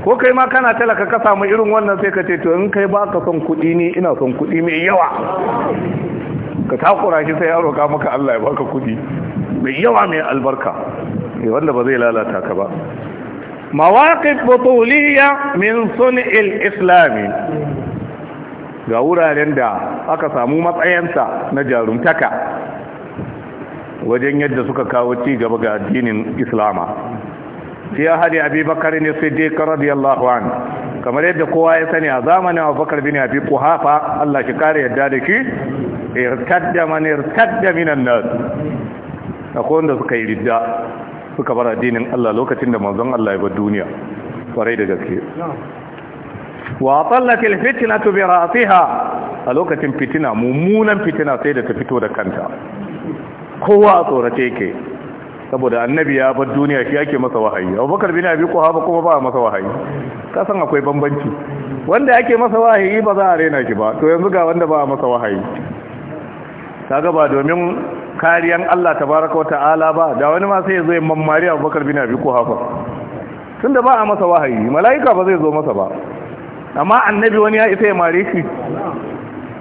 ko kai ma kana talaka ka samu irin wannan sai ka ce to in kai ba ka son kudi ne ina son kudi mai yawa ka takura shi sai ya roƙa maka Allah ya baka kudi mai yawa mai albarka ne eh, wanda ba zai lalata ka ba mawaqif butuliya min sun'il islami ga wuraren da aka samu matsayansa na jaruntaka wajen yadda suka kawo ci gaba ga addinin islama fi ahli abi bakr ne sai dai siddiq radiyallahu an kamar yadda kowa ya sani a zamanin abubakar bin abi kuhafa Allah shi kare yadda da shi irtadda man irtadda minan nas akwai wanda suka yi ridda suka bar addinin Allah lokacin da manzon Allah ya bar duniya kwarai da gaske wa tallat alfitnatu bi ra'siha a lokacin fitina mummunan fitina sai da ta fito da kanta kowa a tsorace yake saboda annabi ya bar duniya shi ake masa wahayi abubakar bin abi kuhafa kuma ba masa wahayi ka san akwai bambanci wanda ake masa wahayi ba za a rena shi ba to yanzu ga wanda ba masa wahayi kaga ba domin kariyan Allah tabaraka wa ta'ala ba da wani ma sai ya zo ya mammari abubakar bin abi kuhafa tunda ba a masa wahayi mala'ika ba zai zo masa ba amma annabi wani ya isa ya mare shi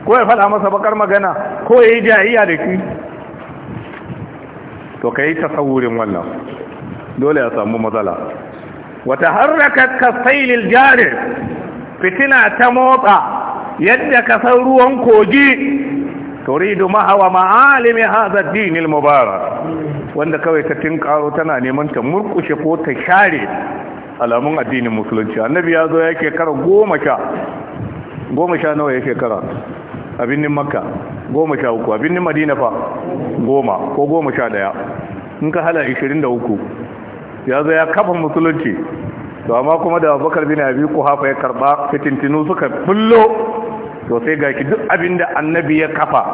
ko ya faɗa masa bakar magana ko ya yi jahiya da shi to ka yi tasawurin wannan dole ya samu matsala wata harraka kasailil jarir fitina ta motsa yadda ka san ruwan kogi turidu mahawa ma'alimi hadha dinil mubarak wanda kawai ta tinkaro tana neman ta murkushe ko ta share alamun addinin musulunci annabi ya zo ya kara goma sha goma sha nawa ya shekara a birnin makka goma sha uku a birnin madina fa goma ko goma sha daya in ka hala ishirin da uku ya zo ya kafa musulunci to amma kuma da abubakar bin abi kuhafa ya karba fitintinu suka fullo to sai ga ki duk abin da annabi ya kafa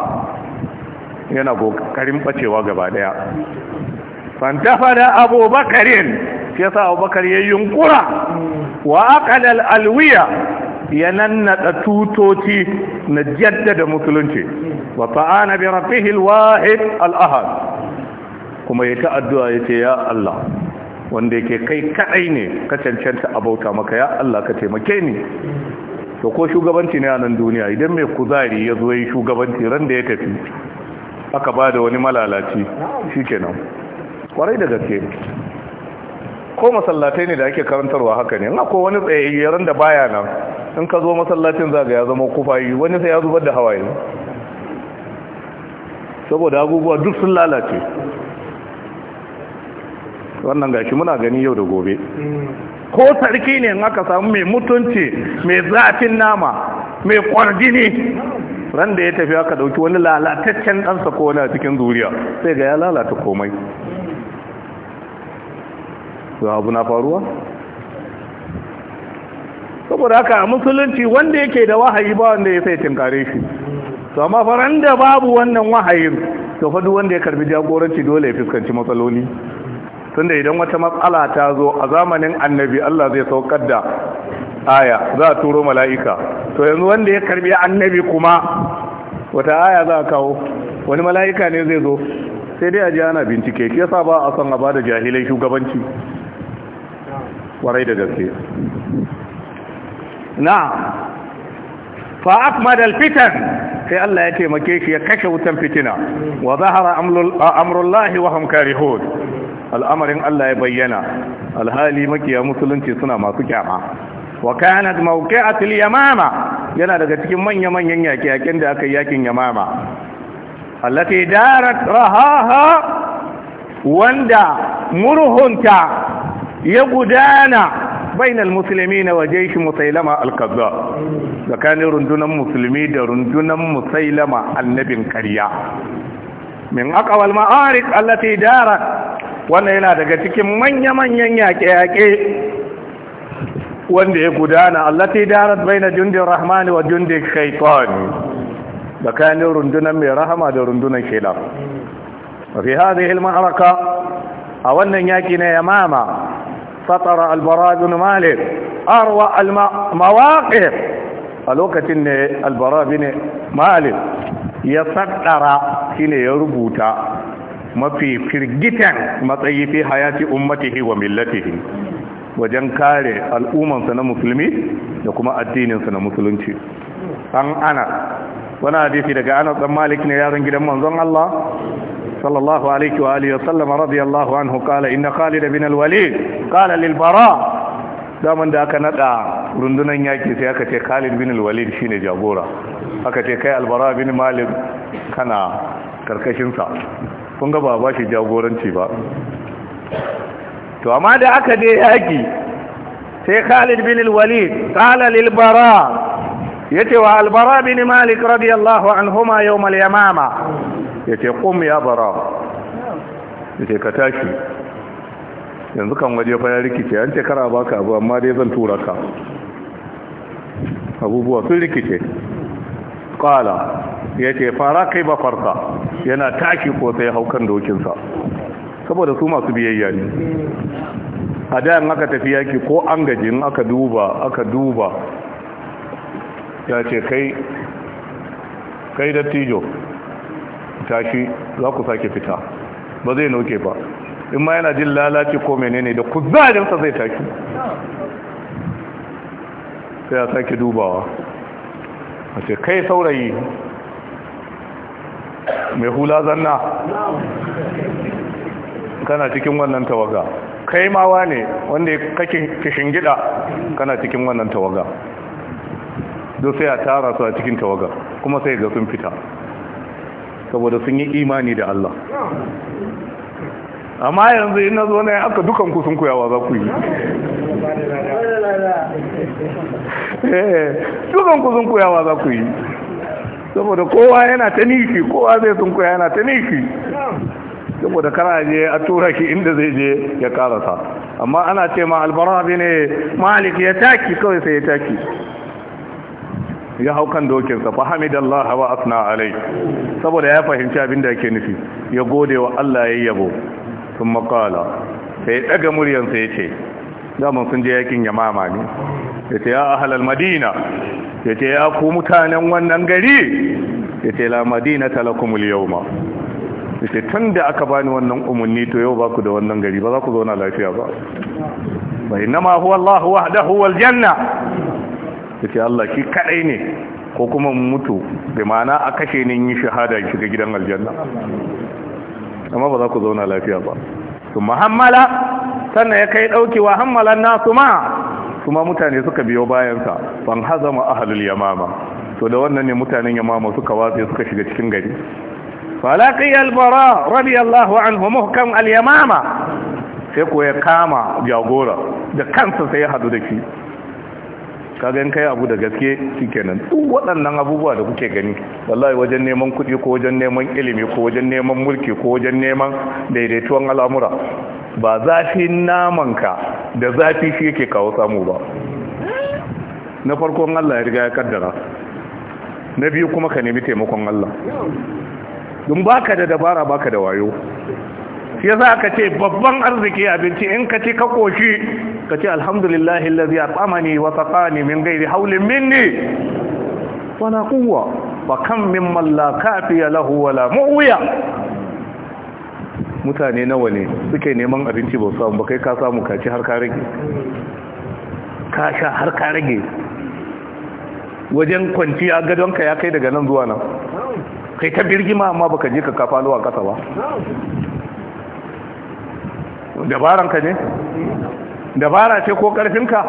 yana kokarin bacewa gaba daya fantafa da abubakarin shi yasa abubakar ya yunkura wa aqala alwiya ya nannada tutoci na jaddada musulunci wa ta'ana bi rabbihi al-wahid al-ahad kuma ya ta addu'a yace ya Allah wanda yake kai kadai ne ka cancanta abauta maka ya Allah ka taimake ni to ko shugabanci ne a nan duniya idan mai kuzari ya zo yi shugabanci ran da ya tafi aka bada wani malalaci shikenan kwarai da gaske ko masallatai ne da ake karantarwa haka ne na ko wani tsayayyaren da baya nan in ka zo masallacin zaga ya zama kufayi wani sai ya zubar da hawaye saboda abubuwa duk sun lalace wannan gashi muna gani yau da gobe ko sarki ne in aka samu mai mutunci mai zafin nama mai kwarjini ran da ya tafi aka dauki wani lalataccen ɗansa ko wani a cikin zuriya sai ga ya lalata komai to abu na faruwa saboda haka musulunci wanda yake da wahayi ba wanda ya sai tinkare shi to amma faran da babu wannan wahayin to fa wanda ya karbi jagoranci dole ya fuskanci matsaloli tunda idan wata matsala ta zo a zamanin annabi Allah zai saukar da aya za a turo mala'ika to yanzu wanda ya karbi annabi kuma wata aya za a kawo wani mala'ika ne zai zo sai dai a ji ana bincike shi yasa ba a son a bada jahilai shugabanci kwarai da gaske Na fa akmad alfitan sai Allah ya taimake shi ya kashe wutan fitina wa zahara amrullahi wa hum karihun al'amarin Allah ya bayyana alhali makiya musulunci suna masu kyama wa kanat mawqi'atul yamama yana daga cikin manya-manyan yaƙe-yaƙen da aka yakin yamama allati darat rahaha wanda murhunta ya gudana bainal musulmi na waje shi musailama alkazza tsakanin rundunan musulmi da rundunan musailama annabin karya min akawal ma'arik allati darat wannan yana daga cikin manya-manyan yaƙe-yaƙe wanda ya gudana allati darat baina jundin rahmani wa jundin shaitani tsakanin rundunan mai rahama da rundunan shaitan fi hadhihi al-ma'araka a wannan yaƙi na yamama fatara albara bin malik arwa almawaqif a lokacin ne albara bin malik ya saddara shine ya rubuta mafi firgitan matsayi fi hayati ummatihi wa millatihi wajen kare al'ummansa na musulmi da kuma addininsa na musulunci an ana wani hadisi daga anas dan malik ne yaron gidan manzon Allah sallallahu alaihi wa alihi wa sallam radiyallahu anhu qala inna khalid bin al-walid qala lil bara daman da aka nada rundunan yaki sai aka ce Khalid bin al-Walid shine jagora aka ce kai al-Bara bin Malik kana karkashin sa kun ga ba ba shi jagoranci ba to amma da aka je yaki sai Khalid bin al-Walid qala lil-Bara yace wa albara bin malik radiyallahu anhuma yawm al-yamama yace qum ya bara yace ka tashi yanzu kan waje fa ya rikice an ce kara baka abu amma dai zan tura ka abubuwa sun rikice qala yace faraqiba farsa yana tashi ko sai haukan dokinsa saboda su masu biyayya ne a da aka tafi yaki ko an gaji in aka duba aka duba ya ce kai dattijo tashi za ku sake fita ba zai nauke ba in ma yana jin lalaci ko menene da kuzarinsa zai tashi sai ya sake dubawa a ce kai saurayi mai hula zanna kana cikin wannan tawaga kai mawa ne wanda kake kishin gida kana cikin wannan tawaga don sai a tara su a cikin tawagar, kuma sai ga sun fita saboda sun yi imani da Allah amma yanzu ina zo ne aka dukan ku sun koyawa za ku yi eh, dukan ku sun koyawa za ku yi saboda kowa yana ta nishi kowa zai sun koya yana ta nishi saboda kana je a tura shi inda zai je ya karasa amma ana ce ma albara ne malik ya taki kawai sai ya taki ya hau kan dokinsa fa hamidallah wa asna alai saboda ya fahimci abin da yake nufi ya gode wa Allah ya yabo sun makala sai daga muryansa ya ce daman sun je yakin yamama ne ya ce ya ahalar madina ya ce ya ku mutanen wannan gari ya ce la madina talakumul yauma ya ce tun da aka bani wannan umarni to yau ba ku da wannan gari ba za ku zauna lafiya ba bai huwa Allah wahdahu wal janna ta Allah shi kadai ne ko kuma mutu bai ma'ana a kashe ne yin shahada ya shiga gidan aljanna amma ba za ku zauna lafiya ba su muhammala sannan ya kai daukewa hammalan nasu ma su mutane suka biyo bayansa ban hazama ahalul yamama to da wannan ne mutanen yamama suka watsa suka shiga cikin gari falaƙi albara radiyallahu anhu muhkam sai ko ya kama jagora da kansa sai ya hadu da shi ka in kai abu da gaske kenan duk waɗannan abubuwa da kuke gani wallahi wajen neman kuɗi ko wajen neman ilimi ko wajen neman mulki ko wajen neman daidaituwan al'amura ba zafin ka da zafi shi yake kawo samu ba na farkon Allah ya riga ya kaddara na biyu kuma ka nemi taimakon Allah dun baka da dabara baka da wayo shi yasa aka ce babban arziki abinci in ka ci ka koshi ka ce alhamdulillahi allazi at'amani wa saqani min ghairi hawlin minni wala quwwa wa kam mimman la kafiya lahu wala mu'wiya mutane nawa ne suke neman abinci ba samu ba kai ka samu ka ci har ka rage ka sha har ka rage wajen kwanciya gadonka ya kai daga nan zuwa nan kai ta birgima amma baka je ka kafa a kasa ba ka ne dabara ce ko karfinka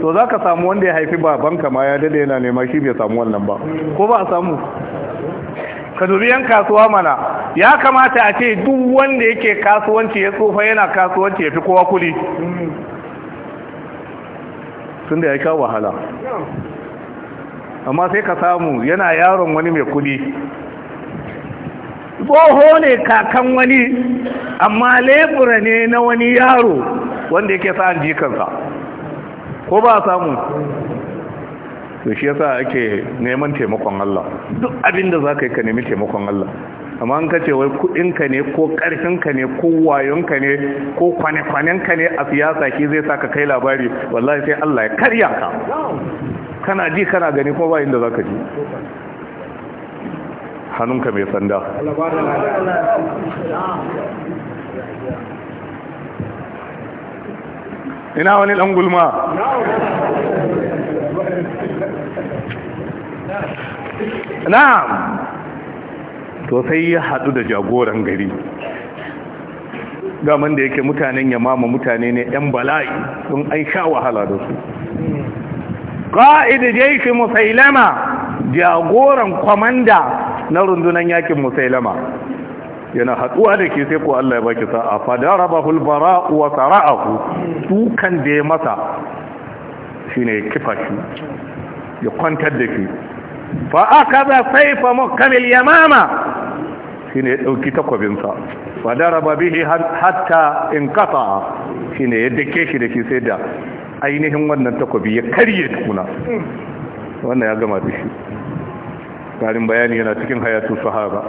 to za ka samu wanda ya haifi babanka ma ya dade yana nema shi bai samu wannan ba ko ba a samu ka dubi yan kasuwa mana ya kamata a ce duk wanda yake kasuwanci ya tsofa yana kasuwanci ya fi kowa kuli tun da ya sha wahala amma sai ka samu yana yaron wani mai kuɗi. tsoho ne kakan wani amma lebura ne na wani yaro wanda yake sa an jikansa ko ba samu to shi yasa ake neman taimakon Allah duk abinda za ka yi ka nemi taimakon Allah amma an kace wai kudinka ne ko karfinka ne ko wayonka ne ko kwane-kwanenka ne a siyasa shi zai sa ka kai labari wallahi sai Allah ya karya ka kana ji kana gani ko ba inda za ka ji hannunka mai sanda ina wani dan gulma na'am to sai ya hadu da jagoran gari gaman da yake mutanen yamama mutane ne yan bala'i sun an sha wahala da su ƙa'id jaishi musailama jagoran kwamanda na rundunan yakin musailama yana haduwa da ke sai ko Allah ya baki sa'a fadarabahu al-bara'u wa sara'ahu dukan da ya masa shine kifa ya kwantar da shi fa akaza sayfa mukamil yamama shine ya dauki takwabin sa fadaraba bihi hatta inqata shine ya dake shi da shi sai da ainihin wannan takwabi ya karye tukuna wannan ya gama da shi karin bayani yana cikin hayatu sahaba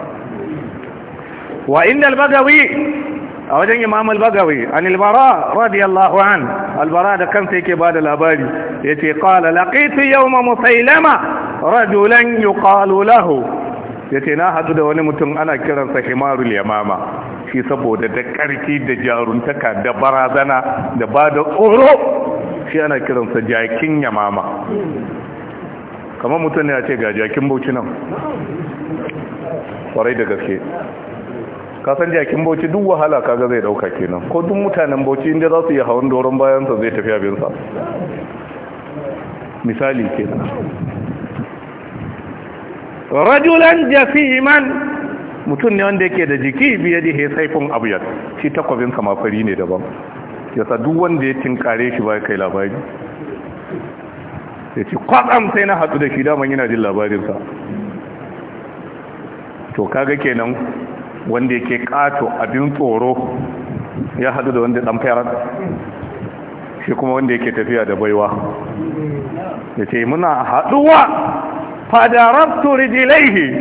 wa inda al-bagawi a wajen imam al-bagawi an al-bara radiyallahu an al-bara da kansa yake bada labari yace qala laqitu yawma musailama rajulan yuqalu lahu yace na hadu da wani mutum ana kiransa himarul yamama shi saboda da karfi da jaruntaka da barazana da bada tsoro shi ana kiransa jakin yamama kamar mutum ne ce ga jakin bauchi nan kwarai da gaske kasan jakin bauchi duk wahala kaga zai dauka kenan ko duk mutanen bauchi inda za su yi hawan doron bayansa zai tafi abinsa misali kenan rajulan iman. mutum ne wanda yake da jiki biye da saifin abuyar shi takwabinsa mafari ne daban yasa duk wanda ya tinkare shi ba ya kai labari ya ce kwatsam sai na hatsu da shi daman yana jin labarinsa to kaga kenan wanda yake kato abin tsoro ya hadu da wanda dan fayar shi kuma wanda yake tafiya da baiwa ya ce muna haduwa fadarabtu rijilaihi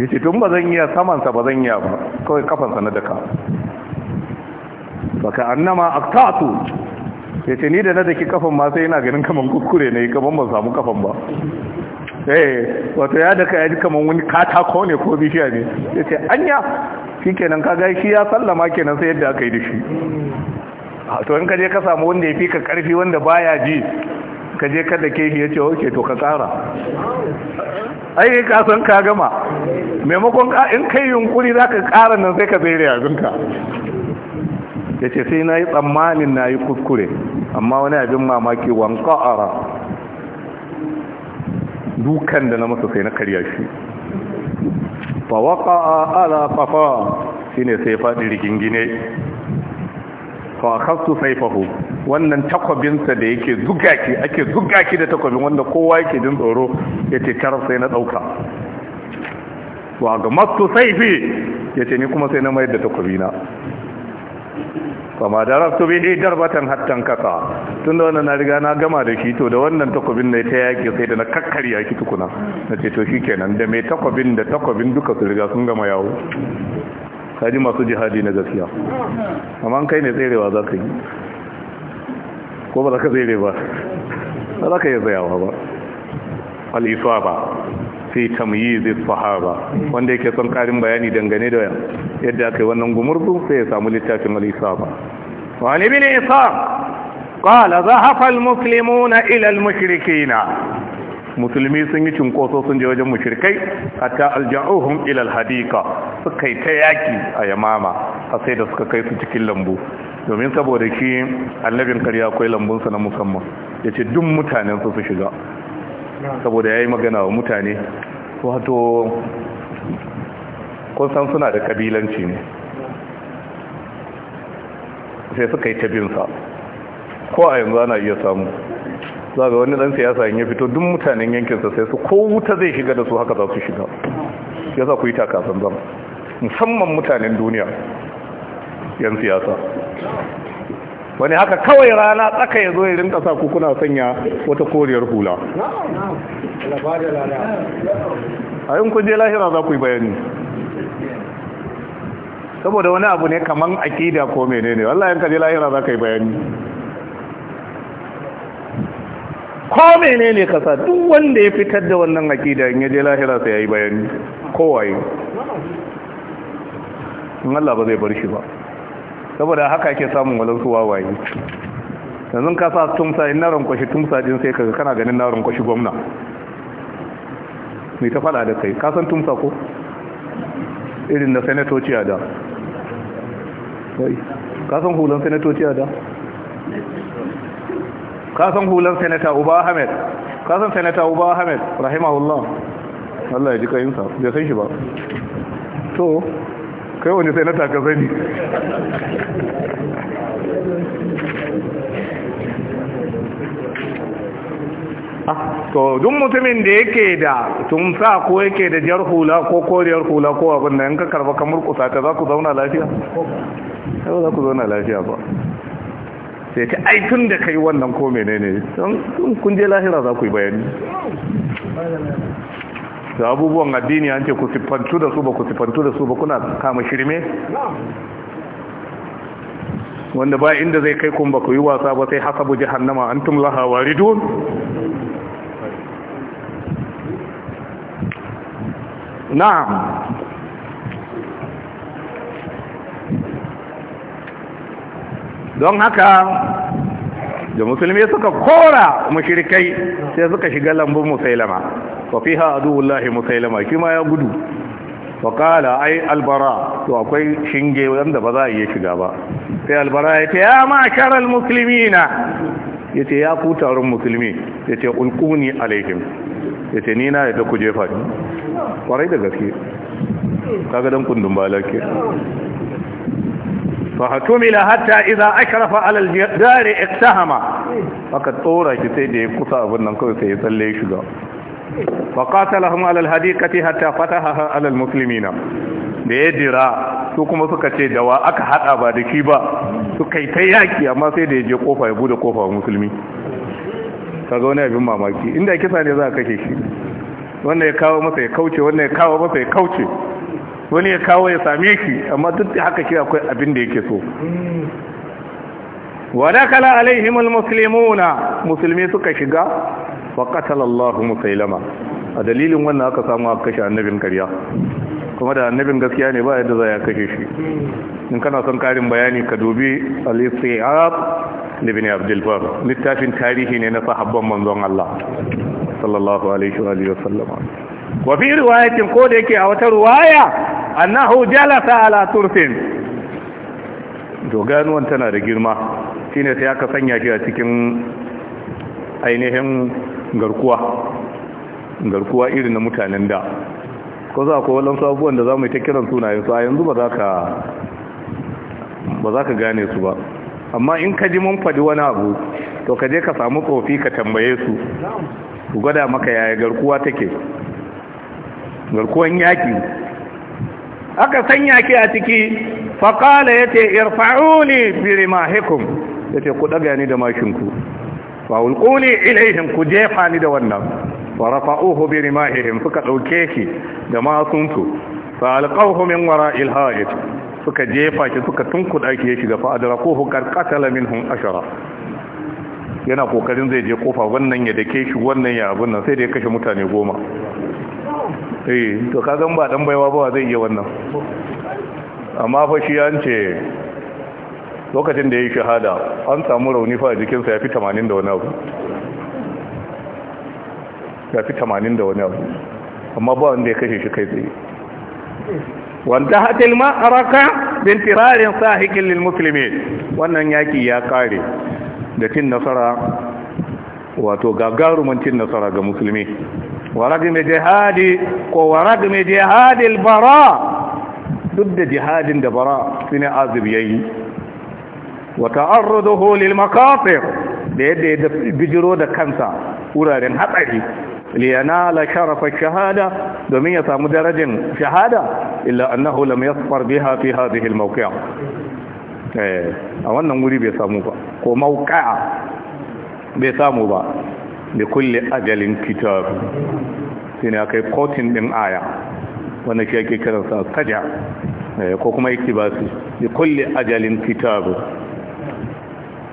ya ce tun ba zan iya samansa ba zan iya ba kawai kafansa na daka baka annama aktatu ya ce ni da na daki kafan ma sai yana ganin kaman kukure ne kaman ban samu kafan ba eh wato ya daka ya ji kaman wani katako ne ko bishiya ne ya ce anya shi kenan ka shi ya sallama kenan sai yadda aka yi da shi to in ka je ka samu wanda ya fi ka karfi wanda baya ji ka je ka dake shi ya ce oke to ka tsara ai ka san ka gama maimakon in kai yunkuri za ka ƙara nan sai ka zai yanzu ya ce sai na yi tsammanin na yi kuskure amma wani abin mamaki wanka ara dukan da na masa sai na karya shi ba waka ala fafa shi ne sai faɗi rigingine fa kasu saifahu wannan takwabinsa da yake zugaki ake zugaki da takwabin wanda kowa yake jin tsoro ya ce tarar sai na ɗauka wa ga masu saifi ya ce ni kuma sai na mayar da takwabina kama da rafto bihi darbatan hattan kasa tun da wannan na riga na gama da shi to da wannan takobin ne ta yaki sai da na kakkarya ki tukuna na ce to shikenan da mai takobin da takobin duka su riga sun gama yawo kaji masu jihadi na gaskiya amma kai ne tserewa za ka yi ko ba za ka tsere ba za ka yi tsayawa ba al-isaba fi tamyizis sahaba wanda yake son karin bayani dangane da yadda aka yi wannan gumurzu sai ya samu littafin al-isaba wa ni bin isa qala zahafa al-muslimuna ila al-mushrikeena musulmi sun yi cinkoso sun je wajen mushrikai hatta alja'uhum ila al-hadika suka yi ta yaki a yamama a sai da suka kai su cikin lambu domin saboda ki annabin karya akwai lambunsa na musamman yace duk mutanen su su shiga saboda yayi magana wa mutane wato kun san suna da kabilanci ne sai suka yi tabinsa ko a yanzu ana iya samu za ga wani dan siyasa in ya fito duk mutanen yankinsa sai su ko wuta zai shiga da su haka za su shiga ya za ku yi takasan zama musamman mutanen duniya yan siyasa wani haka kawai rana tsaka ya zo ya rinka ku kuna sanya wata koriyar hula a yin kun je lahira za ku yi bayani saboda wani abu ne kaman akida ko menene wallahi yanka je lahira za ka yi bayani ko menene ka sa duk wanda ya fitar da wannan akida in ya je lahira sai ya yi bayani kowaye in Allah ba zai bar shi ba saboda haka ake samun walansu wawaye yanzu ka sa tumsa in na rankwashi tumsa din sai kaga kana ganin na rankwashi gwamna mai ta fada da kai ka san tumsa ko irin da senatoci a da ka san hulan senatoci a da ka san hulan senata uba ahmed ka san uba ahmed rahimahullah Allah ya ji kayinsa bai san shi ba to kai wani sai na taka zani ah, to duk mutumin da yake da tumsa ko yake da jar hula ko koriyar hula ko abin da yanka karba kamar kusa ta za ku zauna lafiya? ko za ku zauna lafiya ba sai ta aikin da kai wannan ko menene sun kun je lahira za ku yi bayani Da abubuwan addini an ce ku siffantu da su ba ku siffantu da su ba kuna kama shirme wanda ba inda zai kai kun ba ku yi wasa ba sai hasabu jahannama antum laha waridun na'am don haka da musulmi suka kora mushrikai sai suka shiga lambun musailama wa fiha aduwullahi musailama kima ya gudu wa kala ai albara to akwai shinge wanda ba za a iya shiga ba sai albara ya ce ya ma sharar musulmi na? ya ce ya taron musulmi Ya yace ulkuni alaihim ce ni na yadda ku jefa ne kwarai da gaske kaga dan kundin balake فحكمل حتى اذا اشرف على الجدار اقتهم فقد طورا كتيدي ابن أبنى سي يصلي شغا فقاتلهم على الحديقه حتى فتحها على المسلمين da ya jira كما kuma suka ce da wa aka hada ba da shi ba su kai ta yaki amma sai da ya je kofa ya bude kofa wa musulmi ka ga wani abin mamaki inda kisa ne za a kashe shi wannan ya kawo masa ya kauce wannan ya kawo masa ya kauce wani ya kawo ya same shi amma duk da haka shi akwai abin da yake so ودخل عليهم المسلمون musulmi suka shiga wa qatala Allah musailama a dalilin wannan aka samu aka kashe annabin kariya kuma da annabin gaskiya ne ba yadda za ya kashe shi in kana son karin bayani ka dubi al ibn Abdul Bar littafin tarihi ne na sahabban manzon Allah sallallahu alaihi wa alihi wa wa fi riwayatin ko da yake a wata riwaya annahu jalasa ala turfin to ganuwan tana da girma shine sai aka sanya shi a cikin ainihin garkuwa garkuwa irin na mutanen da ko za ku walansu abubuwan da za mu yi ta kiran sunayen su a yanzu ba za ka gane su ba amma in ka ji mun faɗi wani abu to ka je ka samu kofi ka tambaye su Ku gwada maka yaya garkuwa take garkuwan yaki aka sanya ki a ciki faƙala ya ce irfa'uni birima hikum ya ce ku ɗaga ni da makinku fa'ulƙuni ilaihim ku jefa ni da wannan wa rafa'uhu birima hikim suka ɗauke shi da masunsu fa'alƙauhu min wara ilha'id suka jefa shi suka tunkuɗa ki ya shiga fa'adarakuhu karkatala minhum ashara yana kokarin zai je kofa wannan ya dake shi wannan ya abin nan sai da ya kashe mutane goma eh to kagan ba dan baiwa ba zai iya wannan amma fa shi an ce lokacin da ya yi shahada an samu rauni fa a jikinsa ya fi 80 da wani abu ya fi 80 da wani abu amma ba wanda ya kashe shi kai tsaye wanda hatil ma'araka bin tirarin sahikin lil musulmi wannan yaki ya kare da cin nasara wato gagarumin cin nasara ga musulmi ورغم جهاد ورغم جهاد البراء ضد جهاد البراء من عازب يي وتعرضه للمكافر بيد بجرو ده كانسا ورارين حطري لينال شرف الشهادة دمية يسامو شهادة إلا أنه لم يصبر بها في هذه الموقع أولا مريب يسامو با وموقع بيسامو با da kulle ajalin fitar shi ne aka yi kotin ɗin aya wanda shi ake kiransa kaja eh, ko kuma yake ba su da kulle ajalin fitar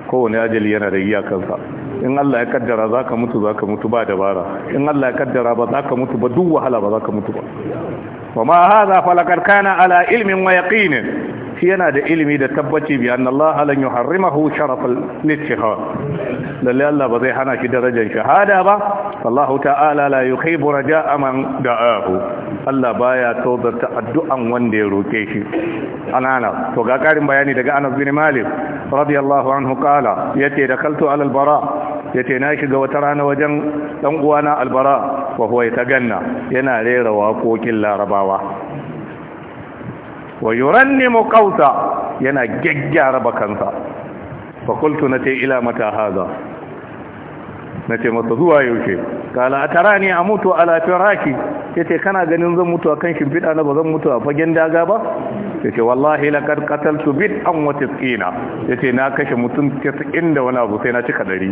kowane ajali yana da iyakansa in Allah ya kaddara za ka mutu za ka mutu ba dabara in Allah ya kaddara ba za ka mutu ba duk wahala ba za ka mutu ba wa ma haza falakar kana ala ilmin wa yaqinin shi yana da ilimi da tabbaci bi anna Allah lan yuharrimahu sharaf al-ittihad lalle Allah ba zai hana shi darajar shahada ba Allahu ta'ala la ja aman da da'ahu Allah baya tozarta addu'an wanda ya roke shi anana to ga karin bayani daga Anas bin Malik radiyallahu anhu qala yace dakaltu ala al yace na shiga wata rana wajen ɗan uwana albara, bara wa huwa ganna, yana rera waƙoƙin larabawa wa mu qausa yana gaggyara bakansa fa qultu nate ila mata haza ce masa zuwa yaushe kala atarani amutu ala firaki yace kana ganin zan mutu akan shimfida na bazan mutu a fagen daga ba yace wallahi laqad qataltu bid'an wa tisqina yace na kashe mutum 90 da wani abu sai na cika 100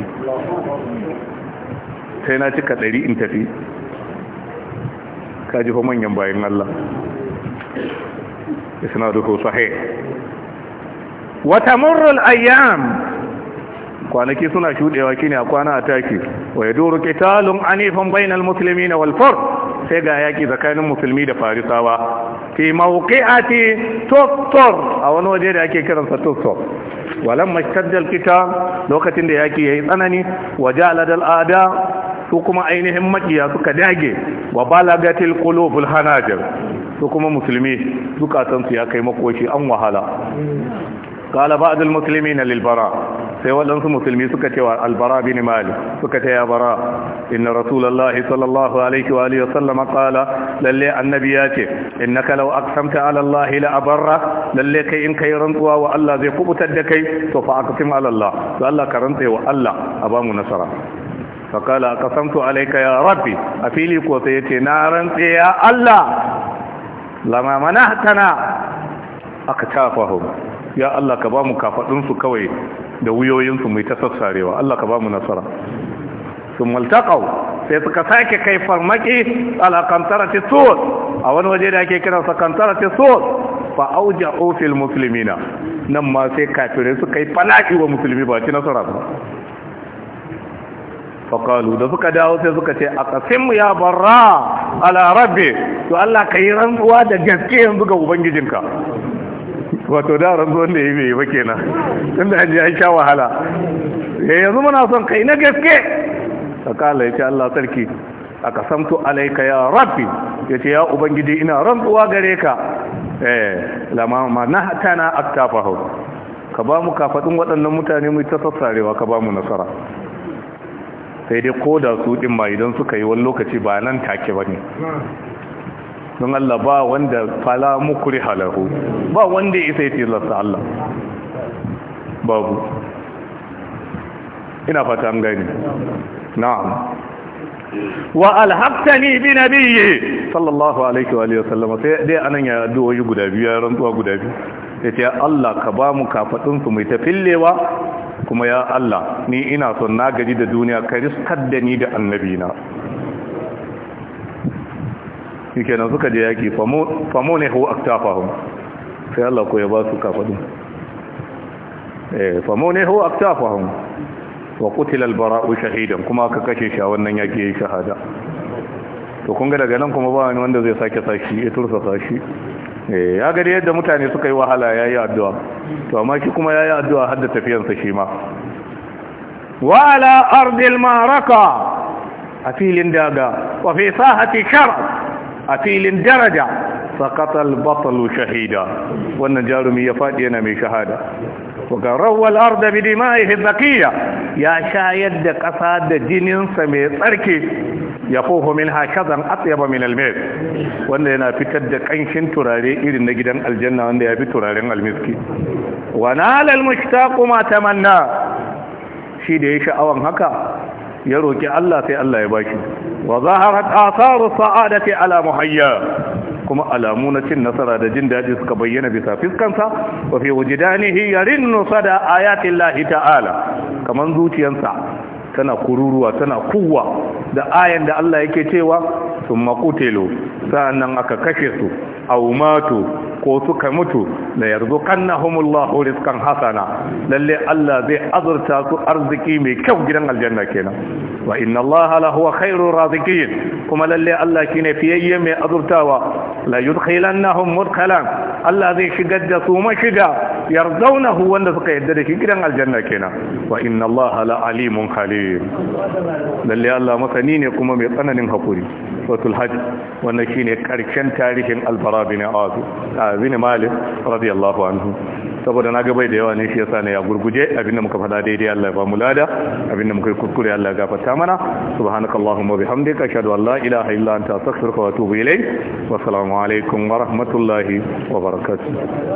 sai na cika 100 in tafi kaji fa manyan bayin Allah isnaduhu sahih wa tamurru al-ayyam kwanaki suna shudewa kine a kwana a taki wa yaduru qitalun anifun bainal musulmi wal fur sai ga yaki tsakanin musulmi da farisawa fi mawqi'ati tuttur a wani waje da ake kiransa tuttur walamma ishtadda al-qital lokacin da yaki yayi tsanani wa ja'ala al-ada su kuma ainihin makiya suka dage wa balagatil qulubul hanajir su kuma musulmi zukatansu ya kai makoshi an wahala kala ba'd al musulmi na lilbara. sai waɗansu musulmi suka cewa albara bin mali, suka ce ya bara inna rasulullahi sallallahu alaihi wa alihi wasallam qala lalle annabi ya ce innaka law aqsamta ala allah la abarra lalle kai in kai rantsuwa wa allah zai kubutar da kai to fa aqsim ala allah to allah ka rantsa wa allah a ba mu nasara fa qala aqsamtu alayka ya rabbi afili ko sai yace na rantsa ya allah lama manatana akatafahum ya Allah ka ba mu kawai da wuyoyinsu su mai ta sassarewa Allah ka ba mu nasara sun maltaqaw sai suka sake kai farmaki ala qantarati sur a wani waje da ake kiran sa qantarati sur fa auja'u fil muslimina nan ma sai kafirai suka yi falaki wa musulmi ba ci nasara ba faƙalu da suka dawo sai suka ce a ƙasinmu ya barra ala rabbi to Allah ka yi rantsuwa da gaske yanzu ga ubangijinka wato da rantsuwan da ya yi bai ba kenan inda an ji an sha wahala eh, yanzu muna son kai na gaske faƙala ya ce Allah sarki a ƙasamtu alaika ya rabbi ya ce ya ubangiji ina rantsuwa gare ka eh lama ma na tana aktafa hau ka ba mu kafaɗin waɗannan mutane mu ta sassarewa ka ba mu nasara sai dai ko da su ɗin ma idan suka yi wani lokaci ba nan take ba ne don Allah ba wanda fala mukuri halahu ba wanda ya isa yi tilasta Allah babu ina fata an gani na'am wa ni bi na biye sallallahu alaihi wa sallama sai dai anan ya addu'o'i guda biyu ya rantsuwa guda biyu ya ce Allah ka ba mu kafaɗinsu su mai tafillewa kuma ya Allah ni ina son na gaji da duniya ka riskar da ni da annabina yake nan suka je yaki famo ne hau aktafahun sai Allah ko ya ba su kafadun eh, famo ne hau aktafahun wa kutilal bara'u shahidan kuma aka kashe shi a wannan yaki ya yi shahada to kun ga daga nan kuma ba wani wanda zai sake sashi ya tursa sashi Eh, ya gari yadda mutane suka yi wahala ya yi addu'a to amma shi kuma ya yi addu'a har da tafiyansa shi ma wa ardil maraka a filin daga wa fi sahati shar a filin daraja sakatar batalu shahida wannan jarumi ya faɗi yana mai shahada wa garawwa al arda bi ya shayar da ƙasa da jininsa mai tsarki yafuhu minha kazan atyaba min almis wanda yana fitar da kanshin turare irin na gidan aljanna wanda ya fi turaren almiski wa nal almushtaqu ma tamanna shi da ya sha'awan haka ya roki Allah sai Allah ya bashi wa zaharat atharu sa'adati ala muhayya kuma alamu na cin nasara da jin daɗi suka bayyana bisa fiskansa wa fi wujidanihi yarinnu sada ayati Allah ta'ala kaman zuciyarsa tana kururuwa tana kuwa da ayan da Allah yake cewa sun makutelo sa'annan aka kashe su a umatu ko suka mutu da yarzu kannahumullahu rizqan hasana lalle Allah zai azurta su arziki mai kyau gidan aljanna kenan wa inna Allah la huwa khairur kuma lalle Allah shine fiye mai azurtawa la yudkhilannahum mudkhalan Allah zai shigar da su mashiga yarzaunahu wanda suka yadda da shi gidan aljanna kenan wa inna Allah alimun khalil lalle Allah masani ne kuma mai tsananin hakuri suratul hajj wannan shine karshen tarihin albara bin azu bin malik radiyallahu anhu saboda na bai da yawa ne shi yasa ne ya gurguje abinda muka faɗa daidai Allah ya ba mu lada abinda muka yi kuskure Allah ya gafarta mana subhanakallahumma bihamdika ashhadu an la ilaha illa anta astaghfiruka wa atubu ilayk wa assalamu alaikum wa rahmatullahi wa barakatuh